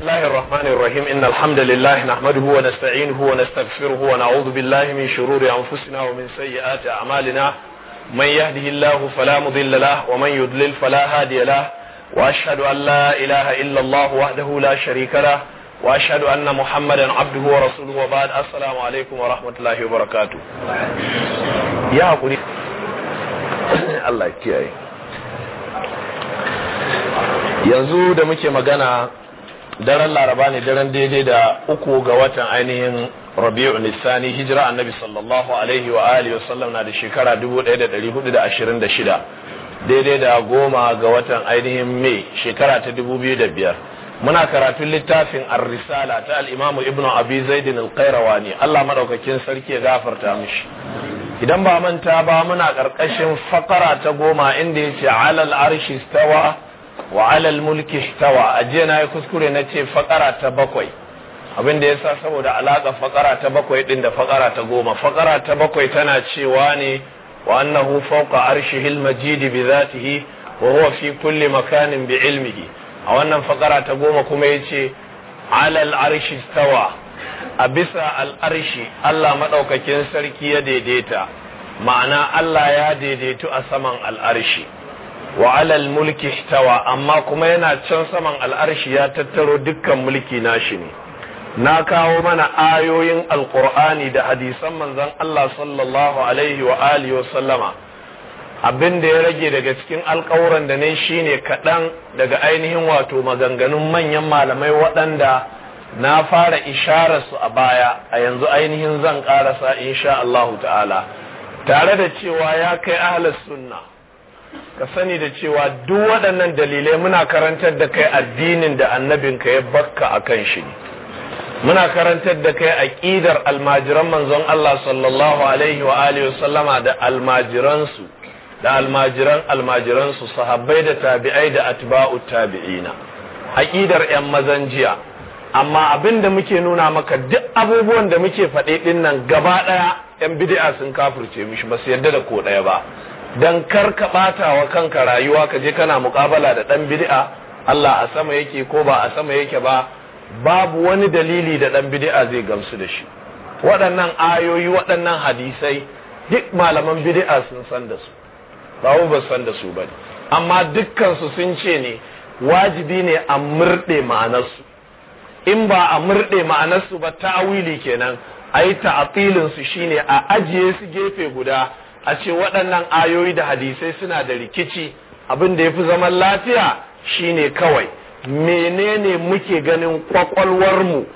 بسم الله الرحمن الرحيم إن الحمد لله نحمده ونستعينه ونستغفره ونعوذ بالله من شرور أنفسنا ومن سيئات أعمالنا من يهده الله فلا مضل له ومن يضلل فلا هادي له وأشهد أن لا إله إلا الله وحده لا شريك له وأشهد أن محمدا عبده ورسوله وبعد السلام عليكم ورحمة الله وبركاته يا أبني الله يكيه yanzu da muke magana daren laraba ne daren daidai da uku ga watan ainihin rabi'u nisani hijira annabi sallallahu alaihi wa alihi wasallam na da shekara 1426 daidai da goma ga watan ainihin mai shekara ta 2005 muna karatun littafin ar ta Al'imamu Ibnu ibn abi zaidin al Allah madaukakin sarki ya gafarta mishi idan ba manta ba muna karkashin fakara ta goma inda yace alal arshi stawa wa alal mulki stawa ajiya na yi kuskure na ce fakara ta bakwai abin da yasa saboda alaka fakara ta bakwai din da fakara ta goma fakara ta bakwai tana cewa ne wa annahu fawqa arshihil majidi bi zatihi wa huwa fi kulli makanin bi ilmihi a wannan fakara ta goma kuma yace alal arshi istawa a bisa al'arshi Allah madaukakin sarki ya daidaita ma'ana Allah ya daidaitu a saman al'arshi wa alal mulki tawa amma kuma yana can saman al'arshi ya tattaro dukkan mulki nashi ne na kawo mana ayoyin alqur'ani da hadisan manzon Allah sallallahu alaihi wa alihi wa sallama abin da ya rage daga cikin alkawuran da ne shine kaɗan daga ainihin wato maganganun manyan malamai waɗanda na fara su a baya a yanzu ainihin zan ƙarasa insha Allahu ta'ala tare da cewa ya kai ahlus sunna ka sani da cewa duk waɗannan dalilai muna karantar da kai addinin da annabinka ya bakka a kan shi muna karantar da kai aƙidar almajiran manzon Allah sallallahu alaihi wa alihi sallama da almajiransu da almajiran almajiransu sahabbai da tabi'ai da atba'u tabi'ina aƙidar yan mazan jiya amma abin da muke nuna maka duk abubuwan da muke faɗi ɗin nan gaba ɗaya yan bid'a sun kafirce mishi ba su yarda da ko ɗaya ba don kar ka ɓata wa kanka rayuwa ka je kana mukabala da ɗan bid'a Allah a sama yake ko ba a sama yake ba babu wani dalili da ɗan bid'a zai gamsu da shi waɗannan ayoyi waɗannan hadisai duk malaman bid'a sun san da su ba ba san da su ba amma dukkansu sun ce ne wajibi ne a murɗe ma'anarsu in ba a murɗe ma'anarsu ba ta'awili kenan a yi su shine a ajiye su gefe guda a ce waɗannan ayoyi da hadisai suna da rikici abin da ya fi zaman lafiya shine kawai menene muke ganin kwakwalwarmu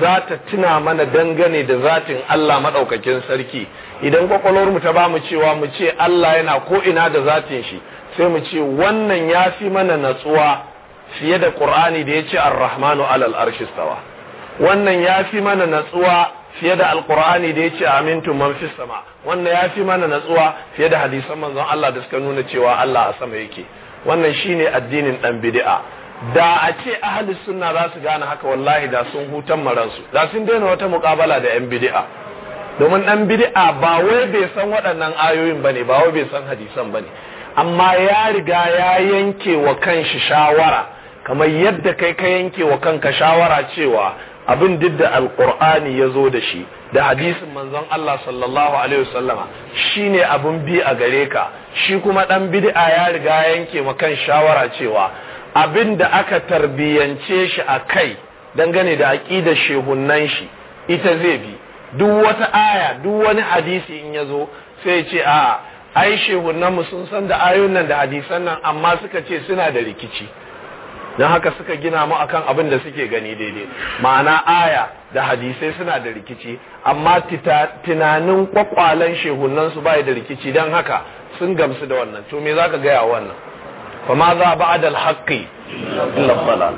za ta tuna mana dangane da zatin Allah maɗaukakin sarki idan kwakwalwarmu ta ba mu cewa mu ce Allah yana ko'ina da zatin shi sai mu ce wannan ya fi mana natsuwa fiye da ƙur'ani da ya ce arrahmanu rahmanu alal arshistawa wannan ya fi mana natsuwa fiye da alkur'ani da ya ce amintu man fi sama wannan ya fi mana natsuwa fiye da hadisan manzon Allah da suka nuna cewa Allah a sama yake wannan shine addinin dan bid'a da a ce ahli sunna za su gane haka wallahi da sun hutan maransu da sun daina wata muƙabala da yan bid'a domin dan bid'a ba wai bai san waɗannan ayoyin bane ba wai bai san hadisan bane amma ya riga ya yanke wa kanshi shawara kamar yadda kai ka yanke wa kanka shawara cewa abin duk da Alkur'ani ya zo da shi da hadisin manzon Allah sallallahu alaihi wasallama shine abin bi a gare ka shi kuma dan bid'a ya riga yanke ma kan shawara cewa abin da aka tarbiyance shi a kai dangane da aƙidar shehunnan shi ita zai bi duk wata aya duk wani hadisi in ya zo sai ce a ai shehunnan mu sun san da ayoyin nan da hadisan nan amma suka ce suna da rikici don haka suka gina mu akan abin da suke gani daidai ma'ana aya da hadisai suna da rikici amma tunanin kwakwalen shehunan su bai da rikici don haka sun gamsu da wannan to me zaka gaya wannan fa ma za ba'da al-haqqi illa dalal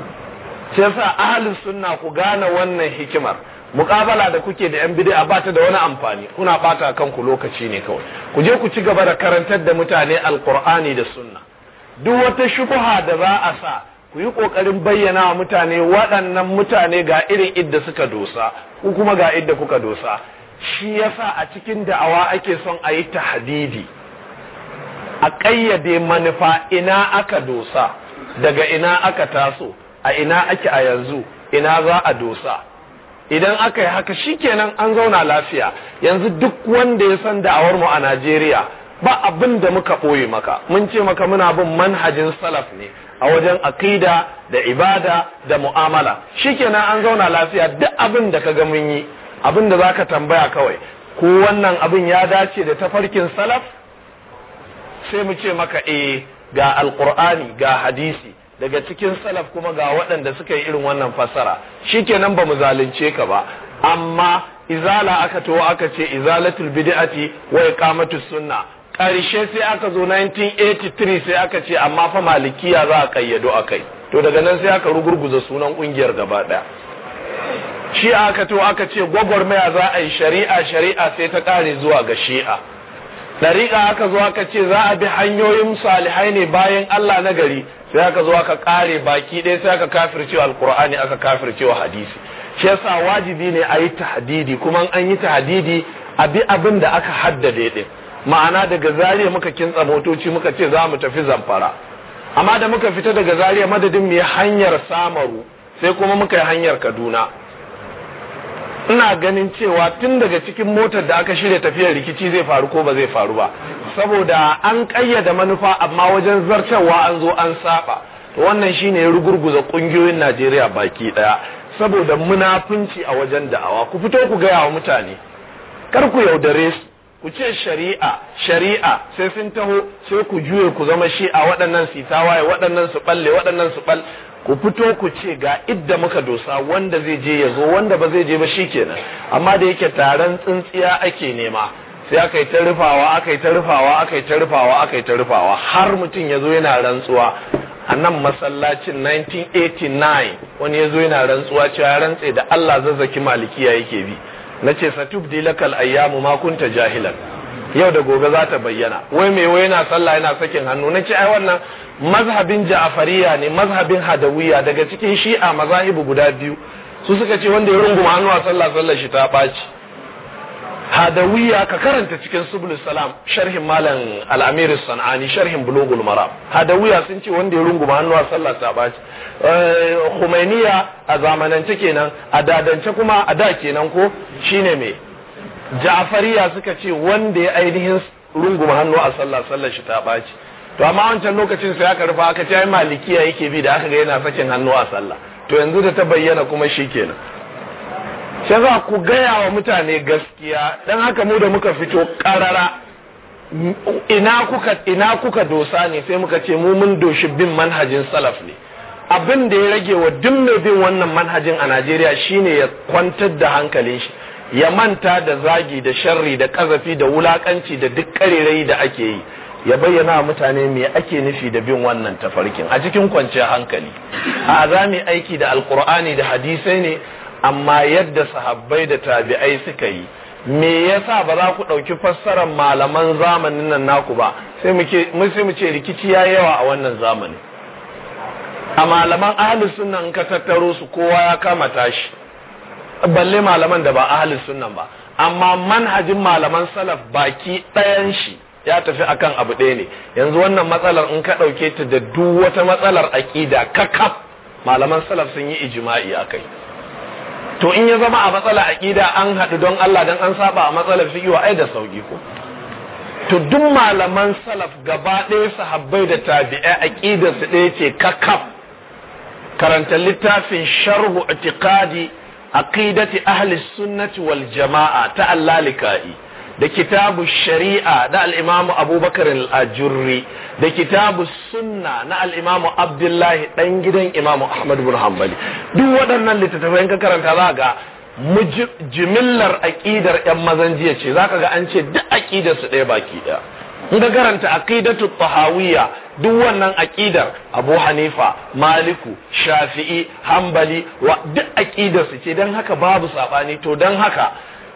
sai sa ahlus sunna ku gane wannan hikimar mukabala da kuke da yan bid'a ba ta da wani amfani kuna bata kanku lokaci ne kawai ku je ku ci gaba da karantar da mutane alqur'ani da sunna duk wata shubha da za a sa ku yi ƙoƙarin bayyana wa mutane waɗannan mutane ga irin idda suka dosa ku kuma ga idda kuka dosa shi yasa a cikin da'awa ake son a yi tahdidi a ƙayyade manufa ina aka dosa daga ina aka taso a ina ake a yanzu ina za a dosa idan aka yi haka shi kenan an zauna lafiya yanzu duk wanda ya san da'awar mu a Najeriya ba abin da muka ɓoye maka mun ce maka muna bin manhajin salaf ne a wajen aqida da ibada da mu'amala shikenan an zauna lafiya duk abin da ga mun yi abin da zaka tambaya kawai ko wannan abin ya dace da tafarkin salaf sai mu ce maka eh ga alqur'ani ga hadisi daga cikin salaf kuma ga waɗanda suka yi irin wannan fassara shikenan ba mu zalunce ka ba amma izala aka to aka ce izalatul bid'ati wa iqamatus sunna ƙarshe sai aka zo 1983 sai aka ce amma fa malikiya za a kayyado a kai to daga nan sai aka rugurguza sunan ƙungiyar gaba ɗaya shi aka to aka ce gwagwarmaya za a yi shari'a shari'a sai ta ƙare zuwa ga shi'a ɗariƙa aka zo aka ce za a bi hanyoyin salihai ne bayan Allah na gari sai aka zo aka ƙare baki ɗaya sai aka kafir cewa alƙur'ani aka kafir cewa hadisi shi yasa wajibi ne a yi tahadidi kuma an yi tahadidi a bi abin da aka haddade ɗin ma'ana daga zariya muka kintsa motoci muka ce za mu tafi zamfara amma da muka fita daga zariya madadin mu hanyar samaru sai kuma muka yi hanyar kaduna ina ganin cewa tun daga cikin motar da aka shirya tafiyar rikici zai faru ko ba zai faru ba saboda an kayyada manufa amma wajen zartarwa an zo an saba wannan shine ya rugurguza ƙungiyoyin najeriya baki ɗaya saboda munafunci a wajen da'awa ku fito ku gaya wa mutane kar ku yaudare su ku ce shari'a shari'a sai sun taho sai ku juye ku zama shi a waɗannan su tawaye waɗannan su balle waɗannan su bal ku fito ku ce ga idda muka dosa wanda zai je ya zo wanda ba zai je ba shi kenan. amma da yake taron tsintsiya ake nema sai aka yi ta rufawa aka yi ta rufawa aka yi ta rufawa aka yi ta rufawa har mutum ya zo yana rantsuwa a nan masallacin 1989 wani ya zo yana rantsuwa cewa ya rantse da Allah zazzaki malikiya yake bi na ce satubdi lakal ayyamu ma kunta jahilan yau da gobe za ta bayyana wai mai wai yana sallah yana sakin hannu na ce ai wannan mazhabin ja'afariya ne mazhabin hadawiya daga cikin shi'a mazahibu guda biyu su suka ce wanda ya runguma hannu a sallah sallar shi ta ɓaci hadawiya ka karanta cikin subul salam sharhin malam al-amir sanani sharhin bulugul maram hadawiya sun ce wanda ya runguma hannu a sallah ta eh, khumainiya a zamanance kenan a dadance kuma a da kenan ko shine me ja'fariya suka ce wanda ya ainihin runguma hannu a sallah sallah shi ta baci to amma wancan lokacin sai aka rufa aka ce malikiya yake bi da aka ga yana sakin hannu a sallah to yanzu da ta bayyana kuma shikenan sai za ku gaya wa mutane gaskiya don haka mu da muka fito karara ina kuka dosa ne sai muka ce mu mun doshi bin manhajin salaf ne abin da ya rage wa duk mai bin wannan manhajin a Najeriya shine ya kwantar da hankalin shi ya manta da zagi da sharri da kazafi da wulakanci da duk karerai da ake yi ya bayyana mutane me ake nufi da bin wannan tafarkin a cikin kwanciyar hankali a za mu aiki da alkur'ani da hadisai ne amma yadda sahabbai da tabi'ai suka yi me yasa ba za ku ɗauki fassarar malaman zamanin nan naku ba sai mu ce rikici ya yawa a wannan zamani a malaman ahalus sunan ka tattaro su kowa ya kama tashi balle malaman da ba ahalus sunan ba amma manhajin malaman salaf baki ɗayan shi ya tafi akan abu ɗaya ne yanzu wannan matsalar in ka ɗauke ta da duk wata matsalar aƙida kakaf malaman salaf sun yi ijima'i a kai to in ya zama a matsala aƙida an haɗu don Allah don an saba a matsalar wa ai da sauƙi ko to duk malaman salaf gaba ɗaya sahabbai da tabi'ai aƙidar su ɗaya ce kakaf karanta littafin sharhu itiqadi aqidati ahli sunnati wal jama'a ta Allah lika'i da kitabu shari'a na al'imamu abubakar al'ajurri da kitabu sunna na al'imamu abdullahi ɗan gidan imamu ahmad bin hanbali duk waɗannan littattafai ka karanta za ga jimillar aƙidar 'yan mazan jiya ce za ka ga an ce duk aƙidar su ɗaya baki ɗaya in karanta aqidatu tahawiyya duk wannan aqidar Abu Hanifa Maliku Shafi'i Hambali duk aqidar su ce dan haka babu saɓani to don haka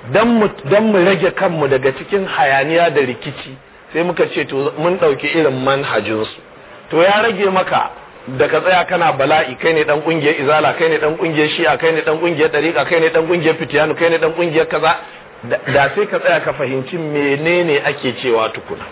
don mu rage kanmu daga cikin hayaniya da rikici sai muka ce to mun ɗauki irin manhajinsu to ya rage maka da ka tsaya kana bala'i kai ne dan kungiyar izala kai ne dan kungiyar shi'a kai ne dan kungiyar dariqa kai ne dan kungiyar fitiyanu kai ne dan kungiyar kaza da sai ka tsaya ka fahimci menene ake cewa tukuna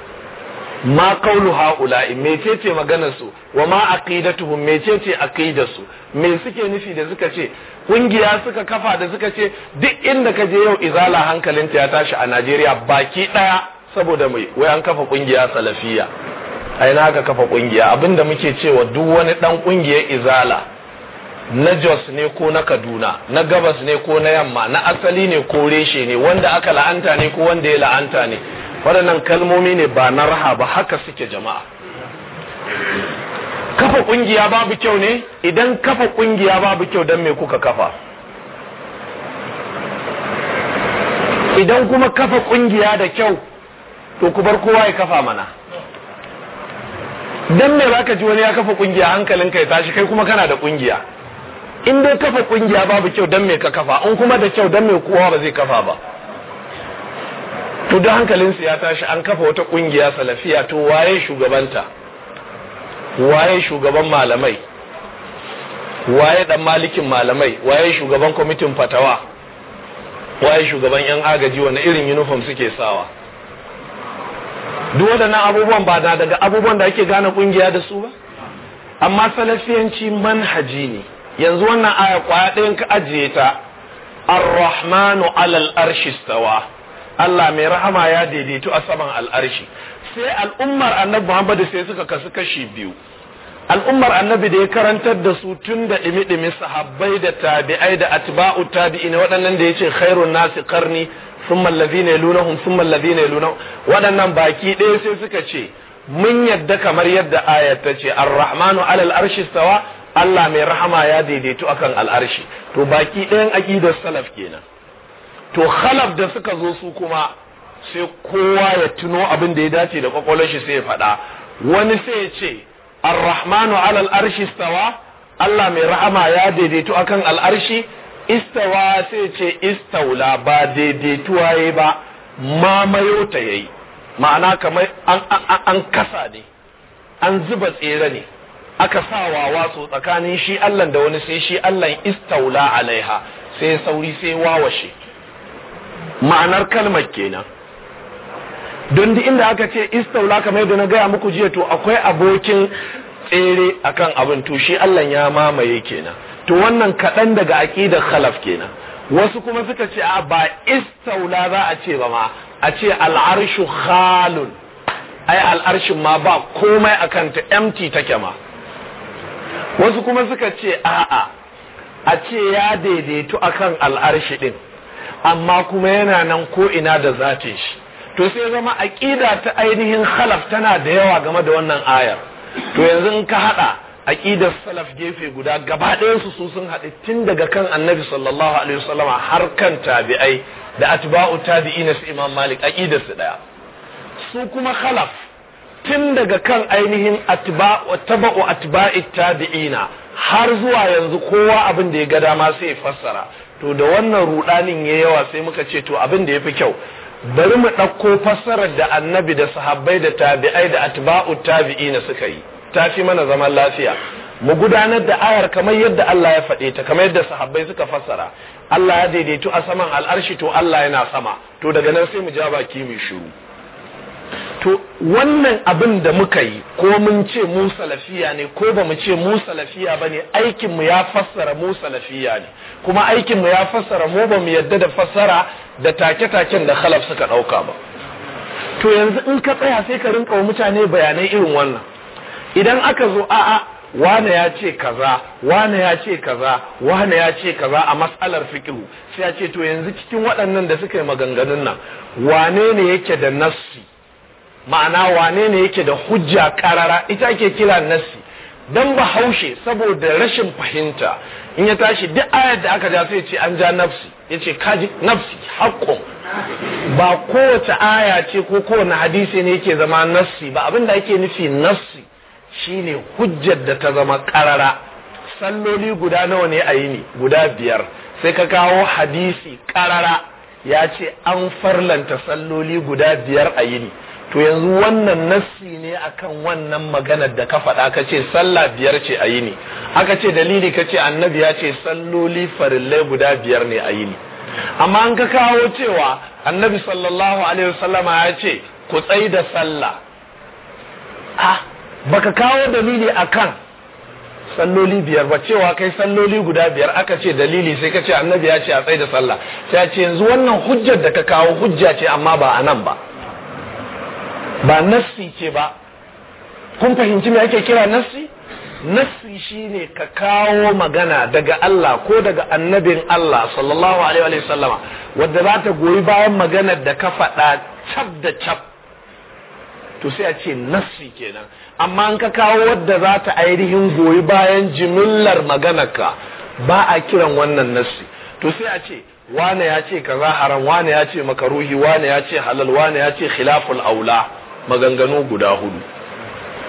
ma kaulu haula'i mecece maganar su wa ma aqidatuhum mecece aqidar su me suke nufi da suka ce kungiya suka kafa da suka ce duk inda ka je yau izala hankalinta ya tashi a Najeriya baki daya saboda mai wai an kafa kungiya salafiya A ina aka kafa kungiya abinda muke cewa duk wani dan ƙungiyar izala na Jos ne ko na Kaduna na Gabas ne ko na Yamma na asali ne ko reshe ne wanda aka la'anta ne ko wanda ya la'anta ne waɗannan kalmomi ne ba na raha ba haka suke jama'a kafa ƙungiya babu kyau ne idan kafa ƙungiya babu kyau don me kuka kafa idan kuma kafa ƙungiya da kyau to ku bar kowa ya kafa mana don me ba ka ji wani ya kafa ƙungiya hankalinka ya tashi kai kuma kana da ƙungiya in dai kafa ƙungiya babu kyau don me ka kafa in kuma da kyau don me kowa ba zai kafa ba to da hankalinsu ya tashi an kafa wata kungiya salafiya to waye shugabanta waye shugaban malamai waye dan malikin malamai waye shugaban kwamitin fatawa waye shugaban yan agaji wani irin uniform suke sawa duk waɗannan abubuwan ba na daga abubuwan da ake gane kungiya da su ba amma salafiyanci manhaji ne yanzu wannan aya kwaya ɗayan ka ajiye ta ar-rahmanu alal arshi stawa Allah mai rahama ya daidaitu a saman al'arshi sai al'ummar annabi Muhammadu sai suka kasu kashi biyu al'ummar annabi da ya karantar da su tun da ɗimi-ɗimi sahabbai da tabi'ai da atba'u tabi'i na waɗannan da ya ce khairun nasi karni sun mallazi ne lunahun sun mallazi ne waɗannan baki ɗaya sai suka ce mun yadda kamar yadda ayat ta ce ar-rahmanu alal arshi sawa Allah mai rahama ya daidaitu akan al'arshi to baki ɗayan aƙidar salaf kenan to khalaf da suka zo su kuma sai kowa ya tuno abin da ya dace da kwakwalwar shi sai ya faɗa wani sai ya ce arrahmanu alal arshi istawa Allah mai rahama ya daidaito akan al'arshi istawa sai ce istaula ba daidaituwa yi ba mamayo ta yayi ma'ana kamar an, an, kasa ne an zuba tsere ne aka sa wawa so tsakanin shi Allah da wani sai shi Allah istaula alaiha sai sauri sai wawashe ma'anar kalmar kenan don duk inda aka ce istaula kamar yadda na gaya muku jiya to akwai abokin tsere akan abin to shi Allah ya mamaye kenan to wannan kaɗan daga aƙidar khalaf kenan wasu kuma suka ce a ba istaula za a ce ba ma a ce al'arshu khalun ai al'arshin ma ba komai akan ta empty take ma wasu kuma suka ce a'a a ce ya daidaitu akan al'arshi din amma kuma yana nan ko ina da zafin shi to sai zama aƙida ta ainihin khalaf tana da yawa game da wannan ayar to yanzu in ka haɗa aƙidar salaf gefe guda gaba ɗayan su su sun haɗu tun daga kan annabi sallallahu alaihi wasallama har kan tabi'ai da atba'u tabi'ina su imam malik akidar su daya su kuma khalaf tun daga kan ainihin atba'u atba'i tabi'ina har zuwa yanzu kowa abin da ya ga dama sai fassara to da wannan rudanin ya yawa sai muka ce to abin da ya fi kyau bari mu ɗauko fassarar da annabi da sahabbai da tabi'ai da atba'u tabi'i na suka yi ta fi mana zaman lafiya mu gudanar da ayar kamar yadda Allah ya faɗe ta kamar yadda sahabbai suka fassara Allah ya daidaitu a saman al'arshi to Allah yana sama to daga nan sai mu ja baki mu shiru to wannan abin da muka yi ko mun ce mu salafiya ne ko ba mu ce mu salafiya ba ne aikinmu ya fassara mu salafiya ne kuma aikinmu ya fassara mu ba mu yadda da fassara da take-taken da khalaf suka ɗauka ba to yanzu in ka tsaya sai ka rinka mutane bayanai irin wannan idan aka zo a'a wane ya ce kaza wane ya ce kaza wane ya ce kaza a matsalar fikihu sai ya ce to yanzu cikin waɗannan da suka yi maganganun nan wane ne yake da nassi ma'ana wane ne yake da hujja karara ita ake kira nassi dan bahaushe saboda rashin fahimta in ya tashi duk ayar da aka ja sai ce an ja nafsi ya ce kaji nafsi haƙƙo ba kowace aya ce ko kowane hadisi ne yake zama nafsi ba abinda yake nufi nassi shine hujjar da ta zama karara salloli guda nawa ne a yini guda biyar sai ka kawo hadisi karara ya ce an farlanta salloli guda biyar a yini to yanzu wannan nassi ne akan wannan maganar da ka faɗa ka ce sallah biyar ce a yini aka ce dalili ka ce annabi ya ce salloli farillai guda biyar ne a yini amma an ka kawo cewa annabi sallallahu alaihi wasallama ya ce ku tsai da sallah ba baka kawo dalili akan salloli biyar ba cewa kai salloli guda biyar aka ce dalili sai ka ce annabi ya ce a tsai da sallah ta ce yanzu wannan hujjar da ka kawo hujja ce amma ba a nan ba ba nassi ce ba kun fahimci me ake kira nassi nassi shine ka kawo magana daga Allah ko daga annabin Allah sallallahu alaihi wa sallama wadda za ta goyi bayan maganar da ka faɗa cap da cap to sai a ce nassi kenan amma an ka kawo wadda za ta ainihin goyi bayan jimillar maganarka ba a kiran wannan nassi to sai a ce wane ya ce kaza haram wane ya ce makaruhi wane ya ce halal wane ya ce khilaful aula maganganu guda hudu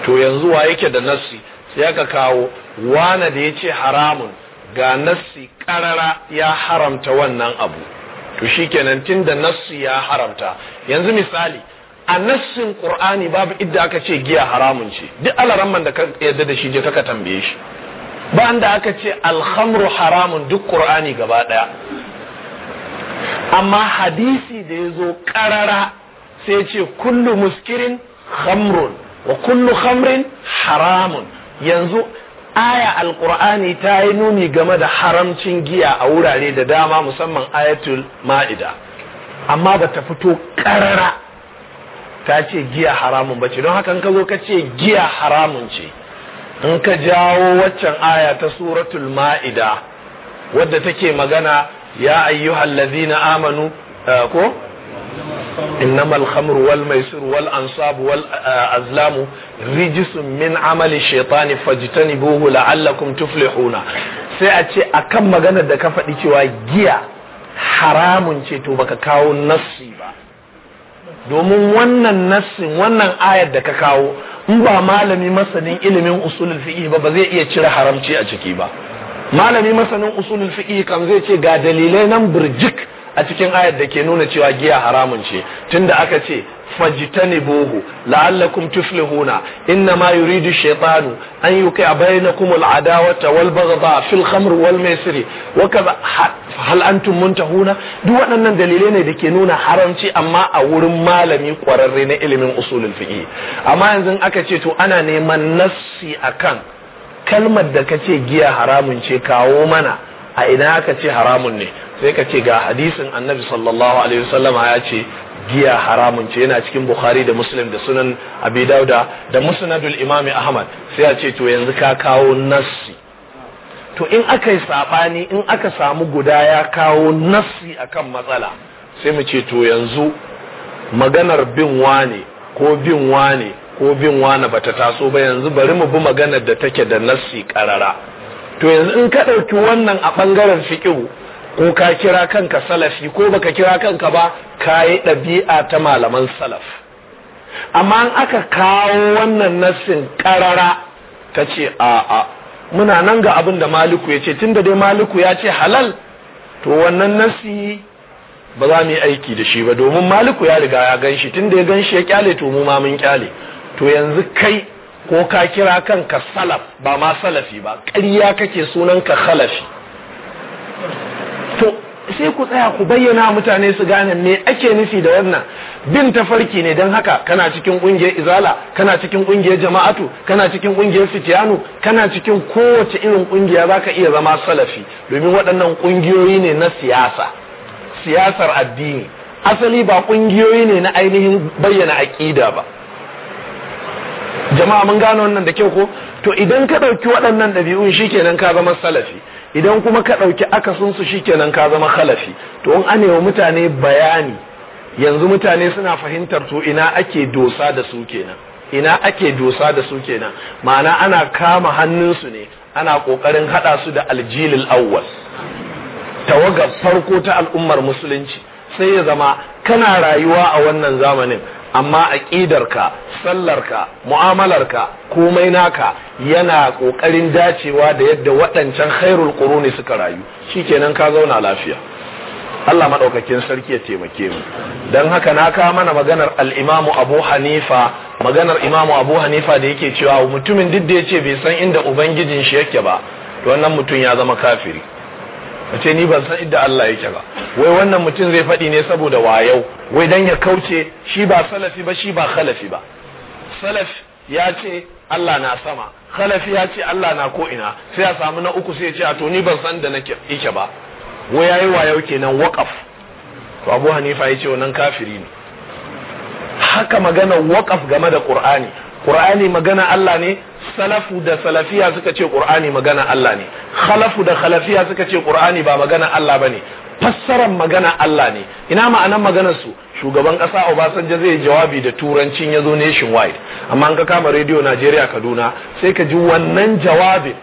to yanzu wa yake da nassi sai aka kawo wane da yace haramun ga nassi karara ya haramta wannan abu to shikenan tun da nassi ya haramta yanzu misali a nassin qur'ani babu idda aka ce giya haramun ce duk alaramman da ka yadda da shi je ka tambaye shi ba aka ce alhamru haramun duk qur'ani gaba daya amma hadisi da ya zo karara sai ce kullu muskirin khamrun wa kullu khamrin haramun yanzu aya alkur'ani ta yi nuni game da haramcin giya a wurare da dama musamman ayatul ma'ida amma ba ta fito karara ta ce giya haramun ba ce don haka ka zo ka ce giya haramun ce in ka jawo waccan aya ta suratul ma'ida wadda take magana ya ayyuhallazina amanu eh, ko إنما الخمر والميسر والأنصاب والأزلام رجس من عمل الشيطان فاجتنبوه لعلكم تفلحون da ka faɗi cewa giya haramun ce to baka kawo nassi ba domin wannan nassin wannan ayar da ka kawo in ba malami masanin ilimin usulul fiqh ba ba zai iya cire haramci a ciki ba malami masanin usulul fiqh kan zai ce ga dalilai nan burjik a cikin ayar da ke nuna cewa giya haramun ce tunda aka ce fajtanibuhu la'allakum tuflihuna inna ma yuridu shaytanu an yuqi'a bainakum al'adawata wal baghdha fil khamr wal maisir wa kaza hal antum muntahuna duk waɗannan dalilai ne da ke nuna haramci amma a wurin malami kwararre na ilimin usulul fiqh amma yanzu aka ce to ana neman nassi akan kalmar da kace giya haramun ce kawo mana a ina aka ce haramun ne sai ka ce ga hadisin annabi sallallahu alaihi wasallam ya ce giya haramun ce yana cikin bukhari da muslim da sunan abi dauda da musnadul imam ahmad sai ya ce to yanzu ka kawo nassi to in aka yi sabani in aka samu guda ya kawo nassi akan matsala sai mu ce to yanzu maganar bin wane ko bin wane ko bin wane bata taso ba yanzu bari mu bi maganar da take da nassi karara to yanzu in ka ɗauki wannan a ɓangaren fiqhu ko ka kira kanka salafi ko baka kira kanka ba ka yi ɗabi'a ta malaman salaf amma an aka kawo wannan nassin karara ta ce a'a muna nan ga abin da maliku ya ce tunda dai maliku ya ce halal to wannan nassi ba za mu yi aiki da shi ba domin maliku ya riga ya ganshi shi tunda ya ganshi ya kyale to mu ma mun kyale to yanzu kai ko ka kira kanka salaf ba ma salafi ba ƙarya kake sunan ka khalafi to sai ku tsaya ku bayyana mutane su gane me ake nufi da wannan bin tafarki ne don haka kana cikin kungiyar izala kana cikin kungiyar jama'atu kana cikin kungiyar fitiyanu kana cikin kowace irin kungiya ka iya zama salafi domin waɗannan kungiyoyi ne na siyasa siyasar addini asali ba kungiyoyi ne na ainihin bayyana aƙida ba jama'a mun gane wannan da kyau ko to idan ka ɗauki waɗannan ɗabi'un shikenan ka zama salafi idan kuma ka ɗauki akasinsu shikenan ka zama khalafi to in an wa mutane bayani yanzu mutane suna fahimtar to ina ake dosa da su kenan ina ake dosa da su kenan ma'ana ana kama hannun su ne ana ƙoƙarin haɗa su da aljilil awwal tawagar farko ta al'ummar musulunci sai ya zama kana rayuwa a wannan zamanin amma aƙidarka sallarka mu'amalarka komai naka yana ƙoƙarin dacewa da yadda waɗancan khairul quruni suka rayu shikenan ka zauna lafiya Allah maɗaukakin sarki ya taimake mu don haka na kawo mana maganar al'imamu abu hanifa maganar imamu abu hanifa da yake cewa mutumin duk da ya ce bai san inda ubangijin shi yake ba to wannan mutum ya zama kafiri a ce ni ban san inda Allah yake ba wai wannan mutum zai faɗi ne saboda wayau wai dan ya kauce shi ba salafi ba shi ba khalafi ba salaf ya ce Allah na sama khalafi ya ce Allah na ko ina sai ya samu na uku sai ya ce a to ni ban san da nake yake ba wai yayi wayau kenan waqaf to Abu Hanifa ya ce wannan kafiri ne haka magana waqaf game da Qur'ani qur'ani magana Allah ne salafu da salafiya suka ce qur'ani magana Allah ne khalafu da khalafiya suka ce qur'ani ba magana Allah ba ne fassarar magana Allah ne ina ma'anan maganar su shugaban kasa Obasanjo zai jawabi da turancin ya zo nationwide amma an ka kama radio Najeriya Kaduna sai ka ji wannan jawabin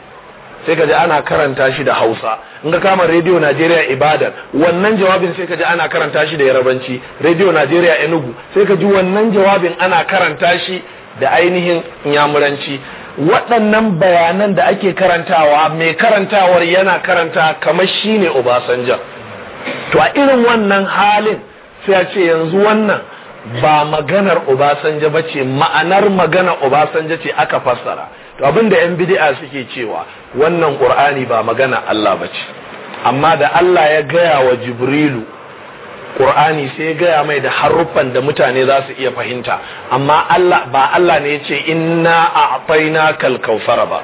sai ka ji ana karanta shi da Hausa in ka kama rediyo Najeriya Ibadan wannan jawabin sai ka ji ana karanta shi da Yarabanci rediyo Najeriya Enugu sai ka ji wannan jawabin ana karanta shi da ainihin yamuranci waɗannan bayanan da ake karantawa mai karantawar yana karanta kamar shi ne obasanjan to a irin wannan halin sai a ce yanzu wannan ba maganar obasanja ba ce ma'anar maganar obasanja ce aka fassara to abinda yan bidi'a suke cewa wannan ƙur'ani ba magana Allah ba ce amma da Allah ya gaya wa jibrilu Ƙur'ani sai gaya mai da haruffan da mutane za su iya fahimta amma Allah ba Allah ne ya ce inna a'taina kal kausara ba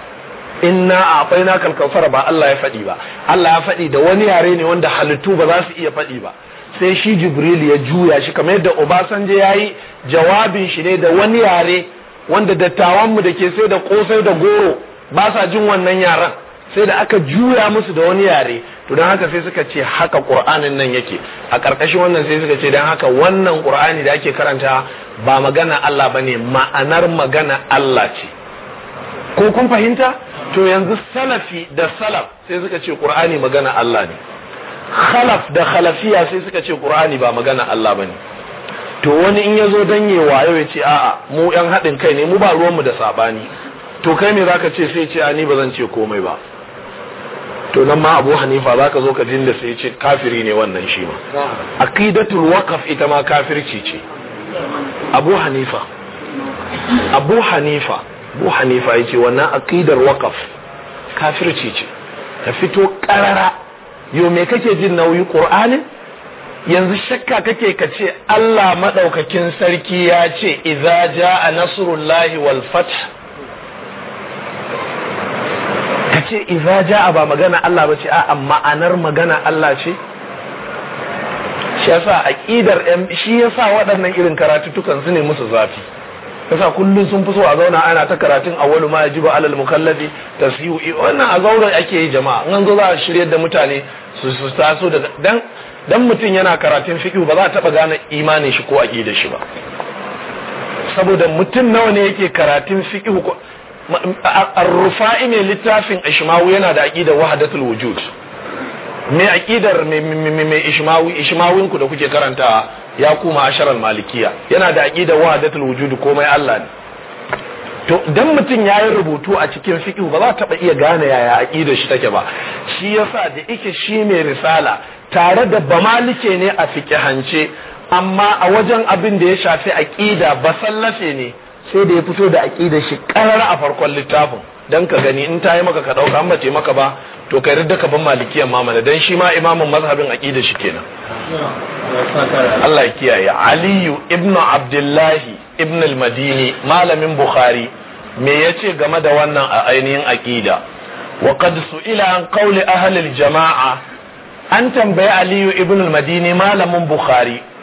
inna a'taina kal kausara ba Allah ya faɗi ba Allah ya faɗi da wani yare ne wanda halittu ba za su iya faɗi ba sai shi Jibril ya juya shi kamar yadda ya yayi jawabin shi ne da wani yare wanda dattawan mu da ke sai da kosai da goro ba sa jin wannan yaran sai da aka juya musu da wani yare to don haka sai suka ce haka ƙur'anin nan yake a ƙarƙashin wannan sai suka ce don haka wannan ƙur'ani da ake karanta ba magana Allah ba ne, ma'anar magana Allah ce ko kun fahimta to yanzu salafi da salaf sai suka ce ƙur'ani magana Allah ne khalaf da khalafiya sai suka ce ƙur'ani ba magana Allah ba ne. to wani in ya zo dan yi wayo ya ce a'a mu yan haɗin kai ne mu ba ruwanmu da sabani to kai me zaka ce sai ce a ni ba zan ce komai ba to nan ma abu hanifa za ka zo ka jin da sai ce kafiri ne wannan shi ma aqidatul waqaf ita ma kafirci ce abu hanifa abu hanifa abu hanifa ya ce wannan aqidar waqaf kafirci ce Ka fito ƙarara. yau me kake jin nauyi qur'anin yanzu shakka kake ka ce Allah maɗaukakin sarki ya ce "Iza ja a nasrullahi wal fath ce idza a ba magana Allah ba ce a ma'anar magana Allah ce shi yasa aqidar shi sa waɗannan irin karatutukan su ne musu zafi yasa kullum sun fi so a zauna ana ta karatun wani ma ba alal mukallafi tasiyu wannan a zauna ake yi jama'a in an zo za a shirya da mutane su su taso daga dan dan mutum yana karatun fiƙi ba za a taɓa gane imanin shi ko aqidar shi ba saboda mutum nawa ne yake karatun fiƙihu. arrufa'i mai littafin Ishmawu yana da aqidar wahadatul wujud mai aƙidar mai Ishmawu, da kuke karanta ya kuma asharar malikiya yana da aqidar wahadatul wujud komai Allah ne to dan mutum yayi rubutu a cikin fiƙi, ba za ta taba iya gane yaya aƙidar shi take ba shi ya sa da ike shi mai risala tare da bamalike ne a hance, amma a wajen abin da ya shafi aƙida ba sallafe ne sai da ya fito da aqidar shi karar a farkon littafin dan ka gani in ta yi maka ka dauka an bace maka ba to kai rida ka ban malikiyan mamana dan shi ma imamin mazhabin aqidar shi kenan Allah ya kiyaye Aliyu Ibn Abdullahi ibn al-Madini malamin Bukhari me yace game da wannan a ainihin aqida wa qad su'ila an qawli ahli al-jama'a an tambayi Aliyu ibn al-Madini malamin Bukhari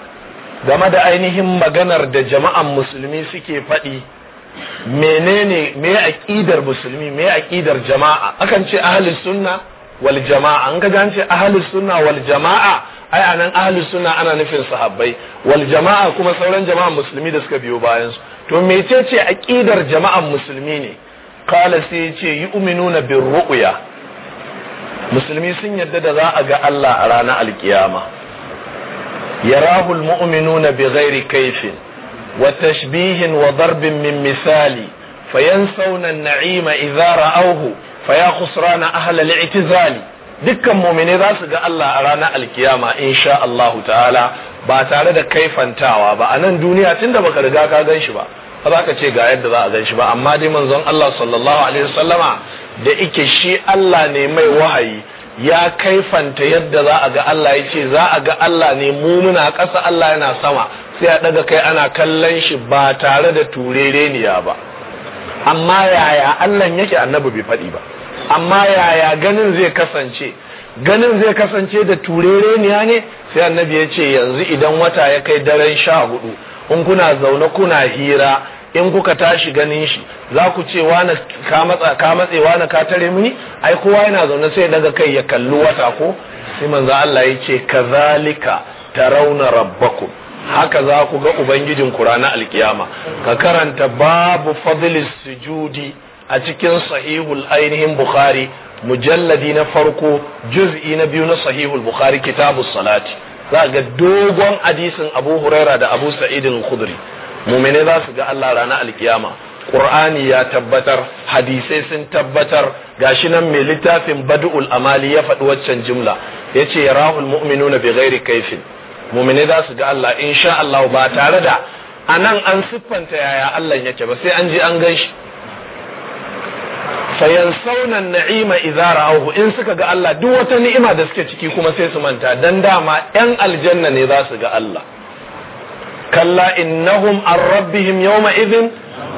game da ainihin maganar da jama'an musulmi suke faɗi menene me aqidar musulmi me aqidar jama'a akan ce ahlus sunna wal jama'a an ga ce ahlus sunna wal jama'a ai anan ahlus sunna ana nufin sahabbai wal jama'a kuma sauran jama'an musulmi da suka biyo bayan su to mecece aqidar jama'an musulmi ne qala sai ce yu'minuna bir ru'ya musulmi sun yarda da za a ga Allah a ranar alkiyama يراه المؤمنون بغير كيف وتشبيه وضرب من مثال فينسون النعيم إذا رأوه فيا خسران أهل الاعتزال dukkan mumini za su ga Allah a ranar alkiyama in sha Allahu ta'ala ba tare da kaifantawa ba a nan duniya tunda baka riga ka ganshi ba ba za ka ce ga yadda za a gan shi ba amma dai manzon Allah sallallahu alaihi wasallama da ike shi Allah ne mai wahayi ya kaifanta yadda za a ga Allah ya ce za a ga Allah ne mu muna ƙasa Allah yana sama sai a daga kai ana kallon shi ba tare da turereniya ba amma yaya Allah yake annabi bai faɗi ba amma yaya ganin zai kasance ganin zai kasance da turereniya ne sai annabi ya ce yanzu idan wata ya kai daren sha hudu in kuna zaune kuna hira in kuka tashi ganin shi za ku ce wani ka matse wani ka tare muni ai kowa yana zaune sai daga kai ya kalli wata ko sai manzo Allah ya ce kazalika tarawna rabbakum haka za ku ga ubangijin ku ranar alkiyama ka karanta babu fadlis sujudi a cikin sahihul ainihin bukhari mujalladi na farko juz'i na biyu na sahihul bukhari kitabus salati za ga dogon hadisin abu huraira da abu sa'idin khudri Mumene za su ga Allah rana alkiyama Qur'ani ya tabbatar hadisai sun tabbatar gashi nan mai littafin Bad'ul Amali ya faɗi waccan jumla yace yarahul mu'minuna bighairi kaifin mumine za su ga Allah insha Allah ba tare da anan an siffanta yaya Allah yake ba sai an ji an gan shi fayansauna na'ima idza ra'awhu in suka ga Allah duk wata ni'ima da suke ciki kuma sai su manta dan dama yan aljanna ne za su ga Allah kalla innahum an rabbihim yawma idhin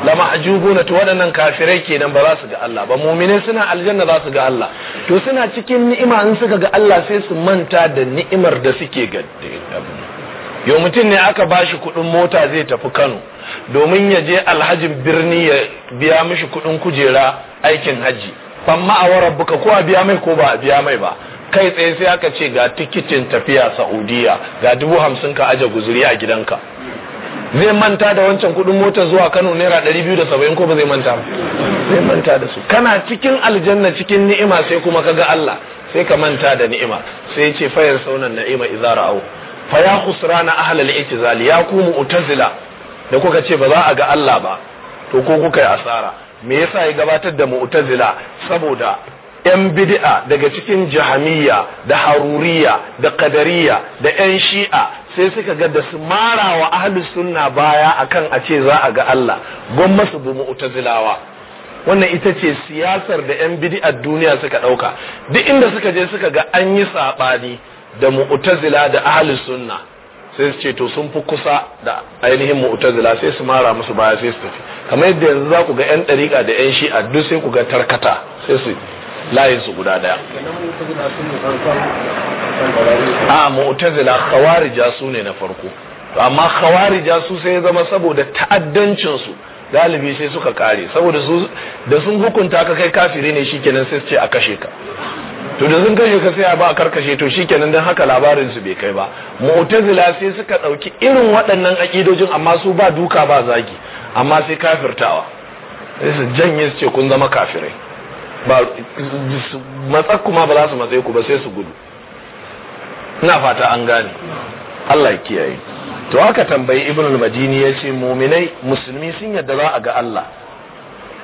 la mahjubuna to waɗannan kafirai kenan ba za su ga Allah ba mu'minin suna aljanna za su ga Allah to suna cikin ni'ima in suka ga Allah sai su manta da ni'imar da suke ga yau mutum ne aka bashi kuɗin mota zai tafi Kano domin ya je alhajin birni ya biya mishi kuɗin kujera aikin haji amma a warabbuka ko a biya mai ko ba a biya mai ba kai tsaye sai aka ce ga tikitin tafiya saudiya ga dubu hamsin ka aje guzuri a gidanka zai manta da wancan kudin mota zuwa kano naira ɗari biyu da saba'in ko ba zai manta ba zai manta da su kana cikin aljanna cikin ni'ima sai kuma ka ga allah sai ka manta da ni'ima sai ce fayar saunan na'ima Iza ra'au fa ya na ahlal i'tizal ya kuma utazila da kuka ce ba za a ga allah ba to ko kuka yi asara me yasa ya gabatar da mu'tazila saboda 'yan bid'a daga cikin jahamiyya da haruriya da kadariya da 'yan shi'a sai suka ga da su mara wa ahli sunna baya akan a ce za a ga Allah gwamma su bu mu'tazilawa wannan ita ce siyasar da 'yan bid'a duniya suka ɗauka duk inda suka je suka ga an yi saɓani da mu'tazila da ahli sunna sai su ce to sun fi kusa da ainihin mu'tazila sai su mara musu baya sai su tafi kamar yadda yanzu za ku ga 'yan ɗariƙa da 'yan shi'a duk sai ku ga tarkata sai su Layinsu su guda daya a mu'tazila khawarija su ne na farko amma khawarija su sai zama saboda ta'addancin su galibi sai suka kare saboda su da sun hukunta ka kai kafiri ne shikenan sai su ce a kashe ka to da sun kashe ka sai a ba a karkashe to shikenan dan haka labarin su bai kai ba mu'tazila sai suka dauki irin waɗannan akidojin amma su ba duka ba zagi amma sai kafirtawa sai su janye su ce kun zama kafirai matsar kuma ba za su matsayi ku ba sai su gudu ina fata an gane Allah ya kiyaye to aka tambayi ibn al-madini ya ce muminai musulmi sun yadda za a ga Allah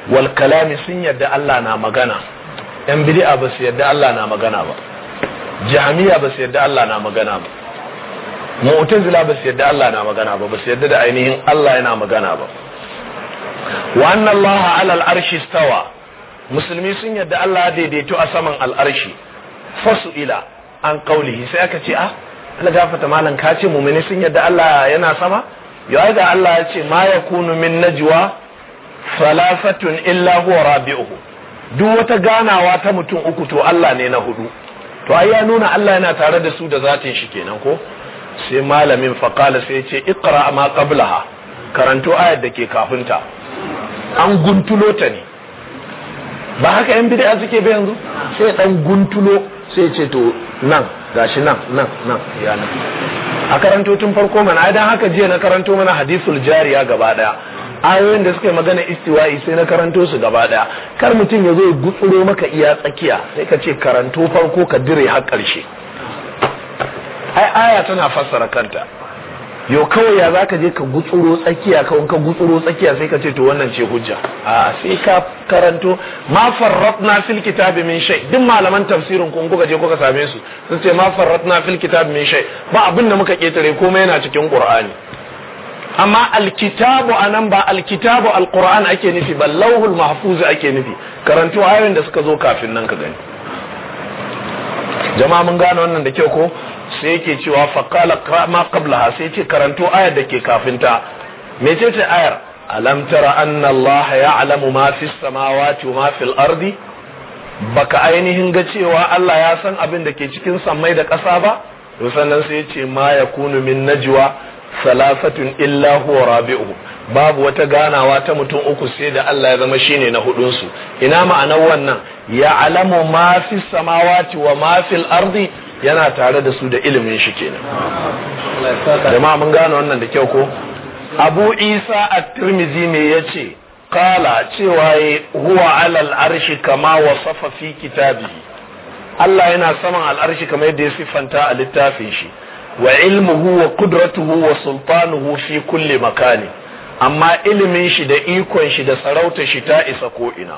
wal kalami sun yadda Allah na magana yan bid'a ba su yadda Allah na magana ba jami'a ba su yadda Allah na magana ba mu'tazila ba su yadda Allah na magana ba ba su yadda da ainihin Allah yana magana ba wa anna Allah ala al-arshi stawa musulmi sun yadda Allah ya daidaito a saman al'arshi fasu ila an kaulihi sai aka ce ah Allah fata malam ka ce mumini sun yadda Allah yana sama ya ga Allah ya ce ma yakunu min najwa salafatun illa huwa rabi'uhu duk wata ganawa ta mutum uku to Allah ne na hudu to ai ya nuna Allah yana tare da su da zatin shi kenan ko sai malamin faqala sai ya ce iqra ma qablaha karanto ayar da ke kafinta an guntulo ta ne ba haka yan bid'a suke ba yanzu sai dan guntulo sai ce to nan gashi nan nan nan ya nan a karanto farko mana ai haka jiya na karanto mana hadisul jariya gaba daya ayoyin da suka magana istiwa'i sai na karanto su gaba daya kar mutum ya zo ya gutsuro maka iya tsakiya sai ka ce karanto farko ka dire har karshe ai aya tana fassara kanta yau kawai ya za ka je ka gutsuro tsakiya kawai ka gutsuro tsakiya sai ka ce to wannan ce hujja a sai ka karanto ma farratna fil kitabi min shay duk malaman tafsirin kun kuka je kuka same su sun ce ma farratna fil kitabi min shay ba abin da muka ketare komai yana cikin qur'ani amma alkitabu anan ba alkitabu alquran ake nufi ba lauhul mahfuz ake nufi karanto ayoyin da suka zo kafin nan ka gani jama'a mun gane wannan da kyau ko sai yake cewa faqala ma qablaha sai ce karanto ayar da ke kafinta mecece ayar alam tara anna allaha ya'lamu ma fi samawati wa ma fil ardi baka ainihin ga cewa Allah ya san abin da ke cikin sammai da ƙasa ba to sannan sai ce ma yakunu min najwa salasatun illa huwa rabi'u babu wata ganawa ta mutum uku sai da Allah ya zama shine na hudun ina ma'anar wannan ya alamu ma fi samawati wa ma fil ardi yana tare da su da ilimin shi kenan jama'a mun gano wannan da kyau ko abu isa at-tirmidhi ne yace qala cewa huwa alal arshi kama safa fi kitabi Allah yana saman al'arshi kama yadda ya siffanta a littafin shi wa ilmuhu wa kudratuhu wa sultanuhu fi kulli makani amma ilimin shi da ikon shi da sarauta shi ta isa ko ina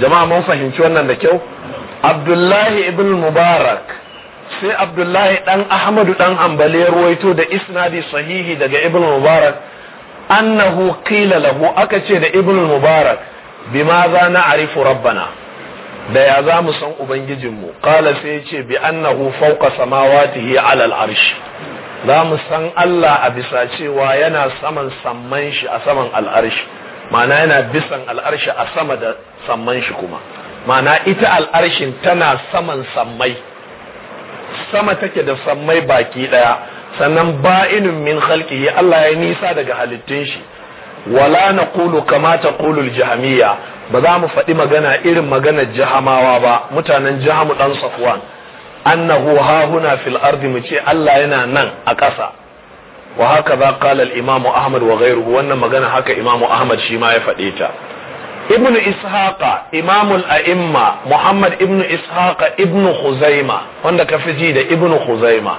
jama'a mun fahimci wannan da kyau abdullahi ibn mubarak sai abdullahi dan ahmadu dan hanbali ya ruwaito da isnadi sahihi daga ibn mubarak annahu qila lahu aka ce da ibn mubarak bima za na arifu rabbana da ya za mu san ubangijinmu kala sai ya ce bi annahu fawqa samawatihi alal arshi za mu san Allah a bisa cewa yana saman samman shi a saman al'arshi ma'ana yana bisan al'arshi a sama da samman shi kuma ma'ana ita al'arshin tana saman sammai sama take da sammai baki daya sannan ba'inun min khalqihi Allah ya nisa daga halittun shi wala naqulu kama taqulu al-jahmiya ba za mu faɗi magana irin maganar Jihamawa ba mutanen jahamu dan safwan annahu hahuna fil ardi mu ce Allah yana nan a ƙasa wa haka za kala al-imam ahmad wa gairu wannan magana haka imam ahmad shi ma ya faɗe ta ibnu ishaqa imamul a'imma muhammad ibnu ishaqa ibnu khuzaima wanda ka fi ji da ibnu khuzaima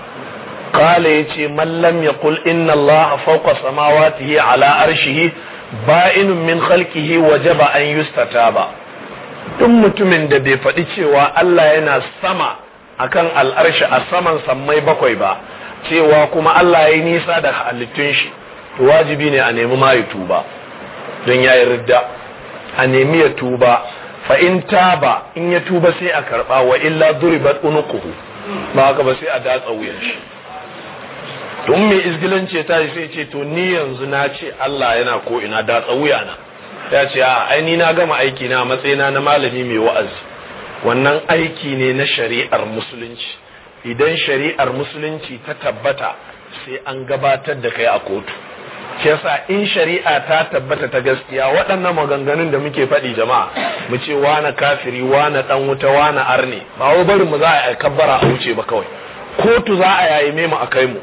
qala yace man lam yaqul inna allah fawqa samawatihi ala arshihi ba'inun min khalqihi wajaba an ba. duk mutumin da bai faɗi cewa Allah yana sama akan al'arshi a saman sammai bakwai ba cewa kuma Allah ya yi nisa da halittun shi to wajibi ne a nemi ma tuba don ya yi ridda a nemi ya tuba fa in taba in ya tuba sai a karba wa illa duribat unuquhu ba haka ba sai a datsa wuyan shi tun mai izgilanci ta sai ce to ni yanzu na ce Allah yana ko ina datsa wuyana ya ce a ai ni na gama aiki na matsayina na malami mai wa'azi wannan aiki ne na shari'ar musulunci idan shari'ar musulunci ta tabbata sai an gabatar da kai a kotu Kesa in shari'a ta tabbata ta gaskiya waɗannan maganganun da muke faɗi jama'a mu ce wane kafiri wane ɗan wuta wane arne ba wai barin mu za a kabbara a wuce ba kawai kotu za a yayi mu a kai mu